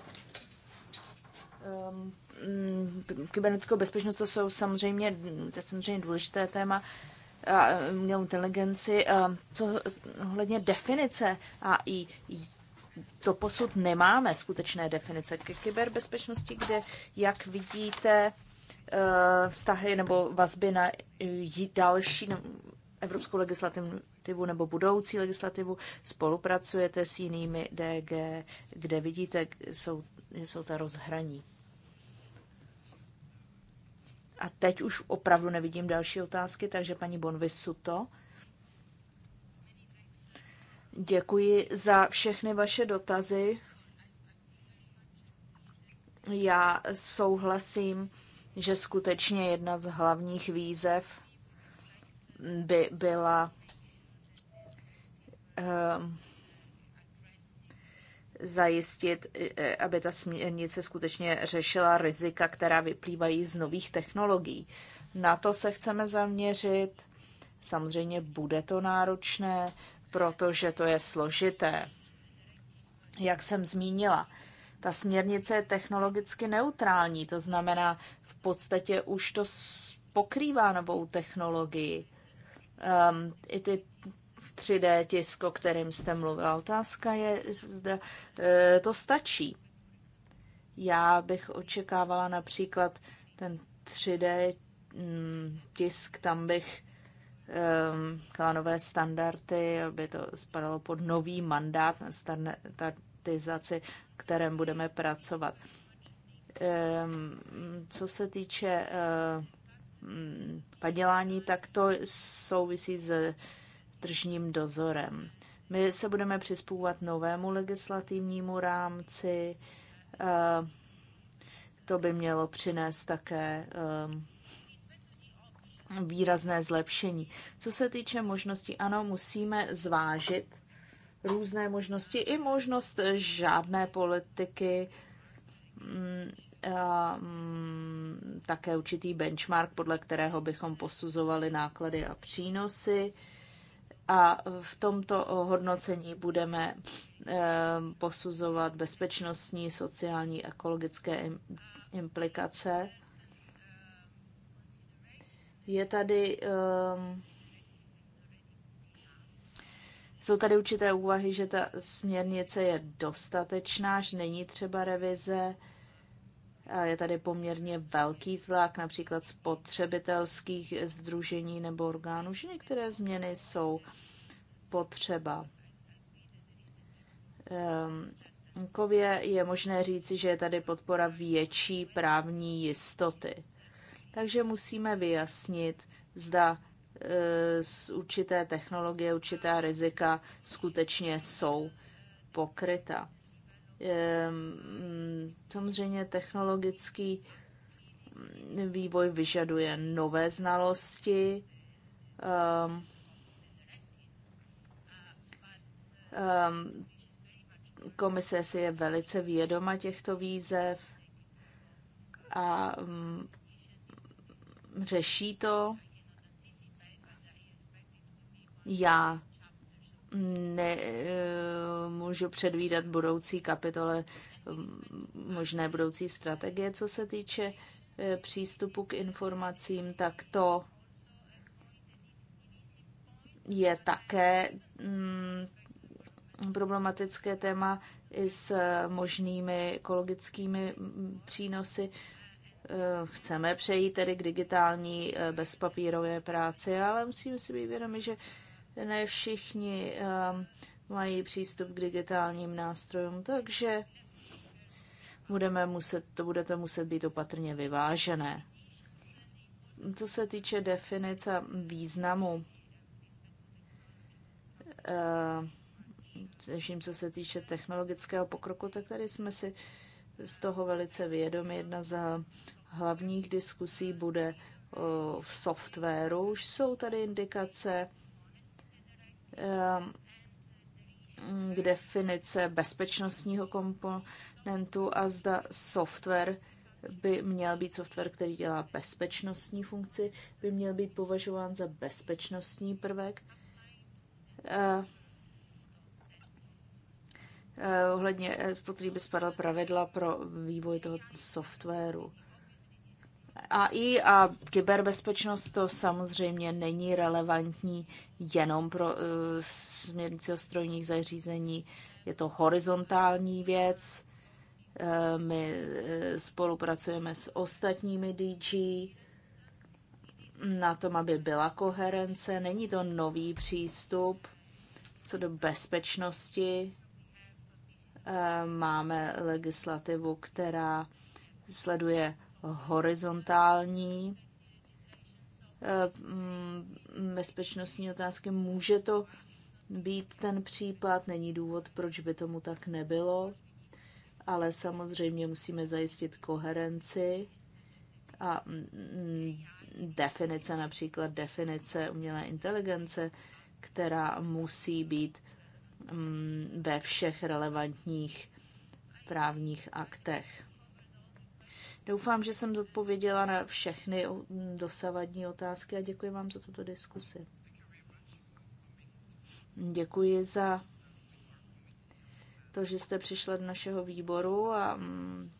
Um, mm, kybernetickou bezpečnost to jsou samozřejmě, to je samozřejmě důležité téma, a um, měl inteligenci. A um, co ohledně definice AI, to posud nemáme skutečné definice ke kyberbezpečnosti, kde, jak vidíte, uh, vztahy nebo vazby na uh, další no, evropskou legislativu nebo budoucí legislativu, spolupracujete s jinými DG, kde vidíte, jsou, jsou ta rozhraní. A teď už opravdu nevidím další otázky, takže paní Bonvisuto. Děkuji za všechny vaše dotazy. Já souhlasím, že skutečně jedna z hlavních výzev by byla um, zajistit, e, e, aby ta směrnice skutečně řešila rizika, která vyplývají z nových technologií. Na to se chceme zaměřit. Samozřejmě bude to náročné, protože to je složité. Jak jsem zmínila, ta směrnice je technologicky neutrální, to znamená, v podstatě už to pokrývá novou technologii. Um, I ty 3D tisk, o kterém jste mluvila. Otázka je, zda e, to stačí. Já bych očekávala například ten 3D mm, tisk, tam bych um, nové standardy, aby to spadalo pod nový mandát na standardizaci, kterém budeme pracovat. Um, co se týče um, padělání, tak to souvisí s tržním dozorem. My se budeme přizpůvat novému legislativnímu rámci. Eh, to by mělo přinést také eh, výrazné zlepšení. Co se týče možností, ano, musíme zvážit různé možnosti i možnost žádné politiky, mm, eh, mm, také určitý benchmark, podle kterého bychom posuzovali náklady a přínosy. A v tomto hodnocení budeme eh, posuzovat bezpečnostní, sociální, ekologické implikace. Je tady, ehm, jsou tady určité úvahy, že ta směrnice je dostatečná, že není třeba revize je tady poměrně velký tlak například spotřebitelských združení nebo orgánů, že některé změny jsou potřeba. Ehm, Kově je možné říci, že je tady podpora větší právní jistoty. Takže musíme vyjasnit, zda z e, určité technologie, určitá rizika skutečně jsou pokryta. Ehm, mm, samozřejmě technologický vývoj vyžaduje nové znalosti. Ehm, ehm, komise si je velice vědoma těchto výzev a mm, řeší to. Já ne, eh, můžu předvídat budoucí kapitole, mm, možné budoucí strategie. Co se týče eh, přístupu k informacím, tak to je také mm, problematické téma i s možnými ekologickými mm, přínosy. Eh, chceme přejít tedy k digitální bezpapírové práci, ale musíme si být vědomi, že ne všichni um, mají přístup k digitálním nástrojům, takže budeme muset, to bude to muset být opatrně vyvážené. Co se týče definice významu, ehm, vším, co se týče technologického pokroku, tak tady jsme si z toho velice vědomi. Jedna z hlavních diskusí bude v softwaru. Už jsou tady indikace, k ehm, mm, definice bezpečnostního komponentu a zda software by měl být software, který dělá bezpečnostní funkci, by měl být považován za bezpečnostní prvek. Ehm, ehm, ohledně, pod který by spadal pravidla pro vývoj toho softwaru. AI a kyberbezpečnost to samozřejmě není relevantní jenom pro uh, směrnici o strojních zařízení. Je to horizontální věc. Uh, my uh, spolupracujeme s ostatními DG na tom, aby byla koherence. Není to nový přístup co do bezpečnosti. Uh, máme legislativu, která sleduje horizontální eh, mm, bezpečnostní otázky. Může to být ten případ, není důvod, proč by tomu tak nebylo, ale samozřejmě musíme zajistit koherenci a mm, definice, například definice umělé inteligence, která musí být mm, ve všech relevantních právních aktech. Doufám, že jsem zodpověděla na všechny dosavadní otázky a děkuji vám za tuto diskusi. Děkuji za to, že jste přišla do našeho výboru a mm,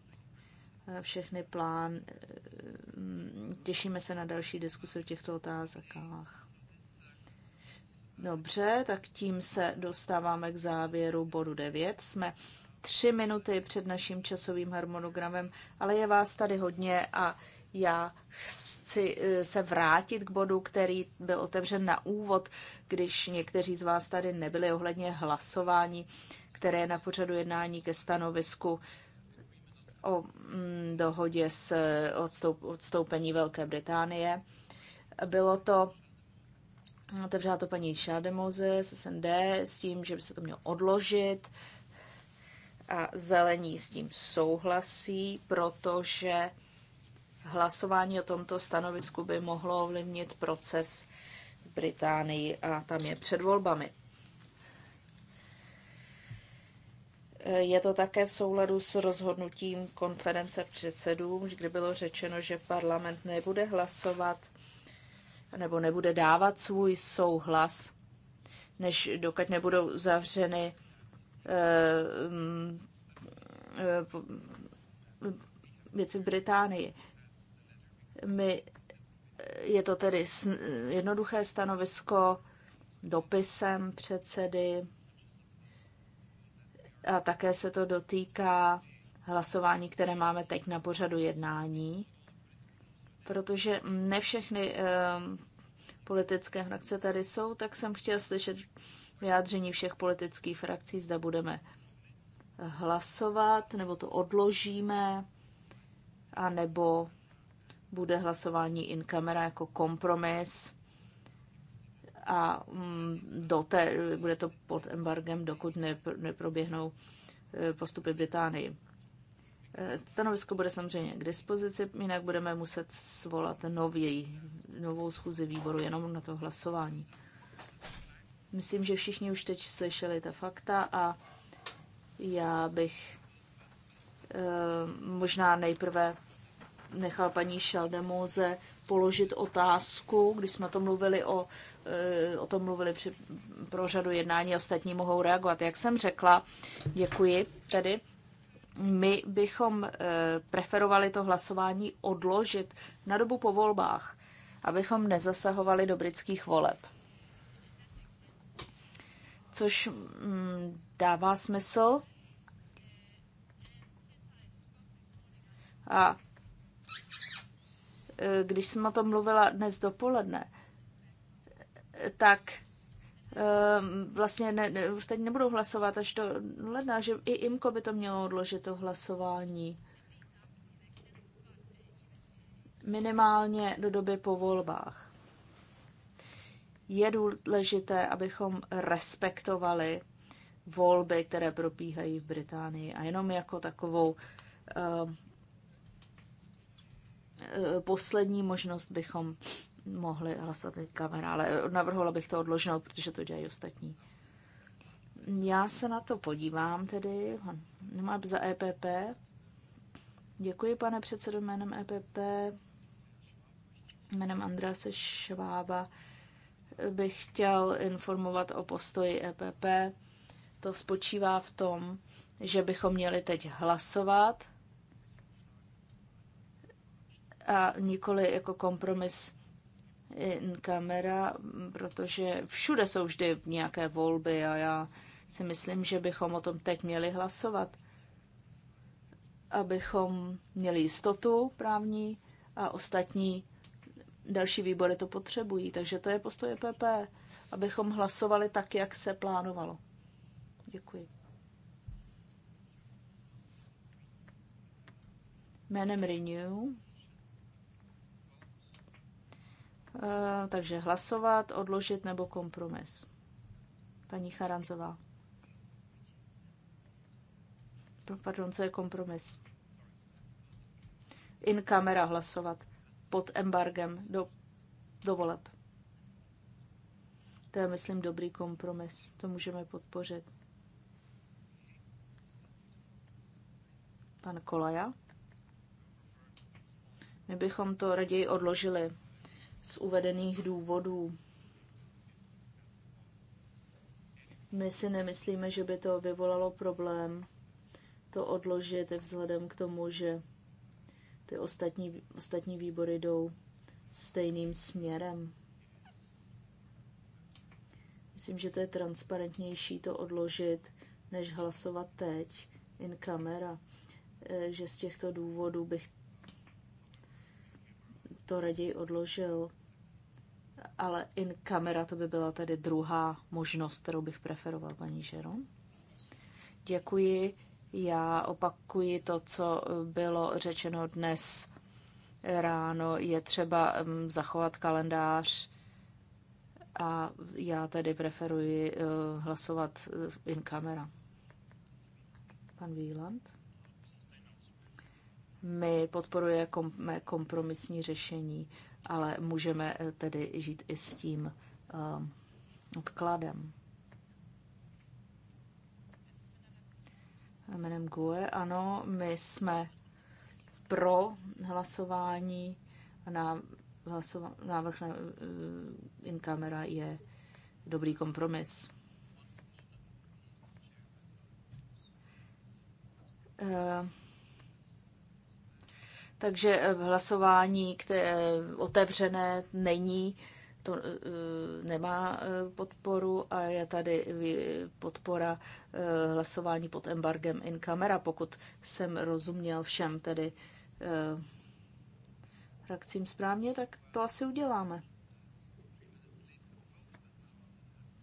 všechny plán. Mm, těšíme se na další diskuse v těchto otázkách. Dobře, tak tím se dostáváme k závěru bodu 9. Jsme tři minuty před naším časovým harmonogramem, ale je vás tady hodně a já chci eh, se vrátit k bodu, který byl otevřen na úvod, když někteří z vás tady nebyli ohledně hlasování, které je na pořadu jednání ke stanovisku o mm, dohodě s eh, odstoupení Velké Británie. Bylo to otevřela to paní Šádemouze z SND s tím, že by se to mělo odložit a zelení s tím souhlasí, protože hlasování o tomto stanovisku by mohlo ovlivnit proces v Británii a tam je před volbami. Je to také v souladu s rozhodnutím konference předsedů, kdy bylo řečeno, že parlament nebude hlasovat nebo nebude dávat svůj souhlas, než dokud nebudou zavřeny Eh, mm, eh, věci v Británii. My, je to tedy jednoduché stanovisko dopisem předsedy a také se to dotýká hlasování, které máme teď na pořadu jednání, protože ne všechny eh, politické frakce tady jsou, tak jsem chtěla slyšet vyjádření všech politických frakcí, zda budeme hlasovat, nebo to odložíme, a nebo bude hlasování in camera jako kompromis a mm, do té, bude to pod embargem, dokud neproběhnou e, postupy Británii. E, stanovisko bude samozřejmě k dispozici, jinak budeme muset svolat nový, novou schůzi výboru jenom na to hlasování. Myslím, že všichni už teď slyšeli ta fakta a já bych eh, možná nejprve nechal paní Šaldemóze položit otázku, když jsme to mluvili o, eh, o tom mluvili při prořadu jednání, ostatní mohou reagovat. Jak jsem řekla, děkuji tedy. My bychom eh, preferovali to hlasování odložit na dobu po volbách, abychom nezasahovali do britských voleb což mm, dává smysl. A e, když jsem o tom mluvila dnes dopoledne, tak e, vlastně ne, ne, teď nebudou hlasovat až do ledna, že i IMKO by to mělo odložit to hlasování. Minimálně do doby po volbách je důležité, abychom respektovali volby, které probíhají v Británii. A jenom jako takovou uh, poslední možnost bychom mohli hlasovat kamera, ale navrhovala bych to odložnout, protože to dělají ostatní. Já se na to podívám tedy. Nemám za EPP. Děkuji, pane předsedo, jménem EPP, jménem Andrase Švába bych chtěl informovat o postoji EPP. To spočívá v tom, že bychom měli teď hlasovat a nikoli jako kompromis in kamera, protože všude jsou vždy nějaké volby a já si myslím, že bychom o tom teď měli hlasovat, abychom měli jistotu právní a ostatní další výbory to potřebují. Takže to je postoj EPP, abychom hlasovali tak, jak se plánovalo. Děkuji. Jménem Renew. Eh, takže hlasovat, odložit nebo kompromis. Paní Charanzová. Pardon, co je kompromis? In kamera hlasovat pod embargem do, do voleb. To je, myslím, dobrý kompromis. To můžeme podpořit. Pan Kolaja. My bychom to raději odložili z uvedených důvodů. My si nemyslíme, že by to vyvolalo problém to odložit vzhledem k tomu, že ty ostatní, ostatní výbory jdou stejným směrem. Myslím, že to je transparentnější to odložit, než hlasovat teď in camera, e, že z těchto důvodů bych to raději odložil. Ale in camera to by byla tady druhá možnost, kterou bych preferoval, paní Žeron. Děkuji. Já opakuji to, co bylo řečeno dnes ráno. Je třeba mm, zachovat kalendář a já tedy preferuji eh, hlasovat eh, in camera. Pan Wieland? My podporuje kompromisní řešení, ale můžeme eh, tedy žít i s tím odkladem. jménem GUE. Ano, my jsme pro hlasování a na, hlasova, návrh na eh, in kamera je dobrý kompromis. Uh, takže eh, hlasování které otevřené není to e, nemá e, podporu a je tady podpora e, hlasování pod embargem in camera, pokud jsem rozuměl všem tedy reakcím správně, tak to asi uděláme.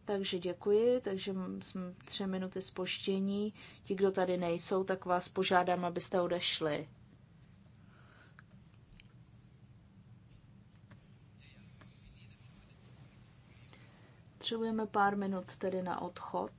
Takže děkuji, takže jsme tři minuty spoštění. Ti, kdo tady nejsou, tak vás požádám, abyste odešli. Potřebujeme pár minut tedy na odchod.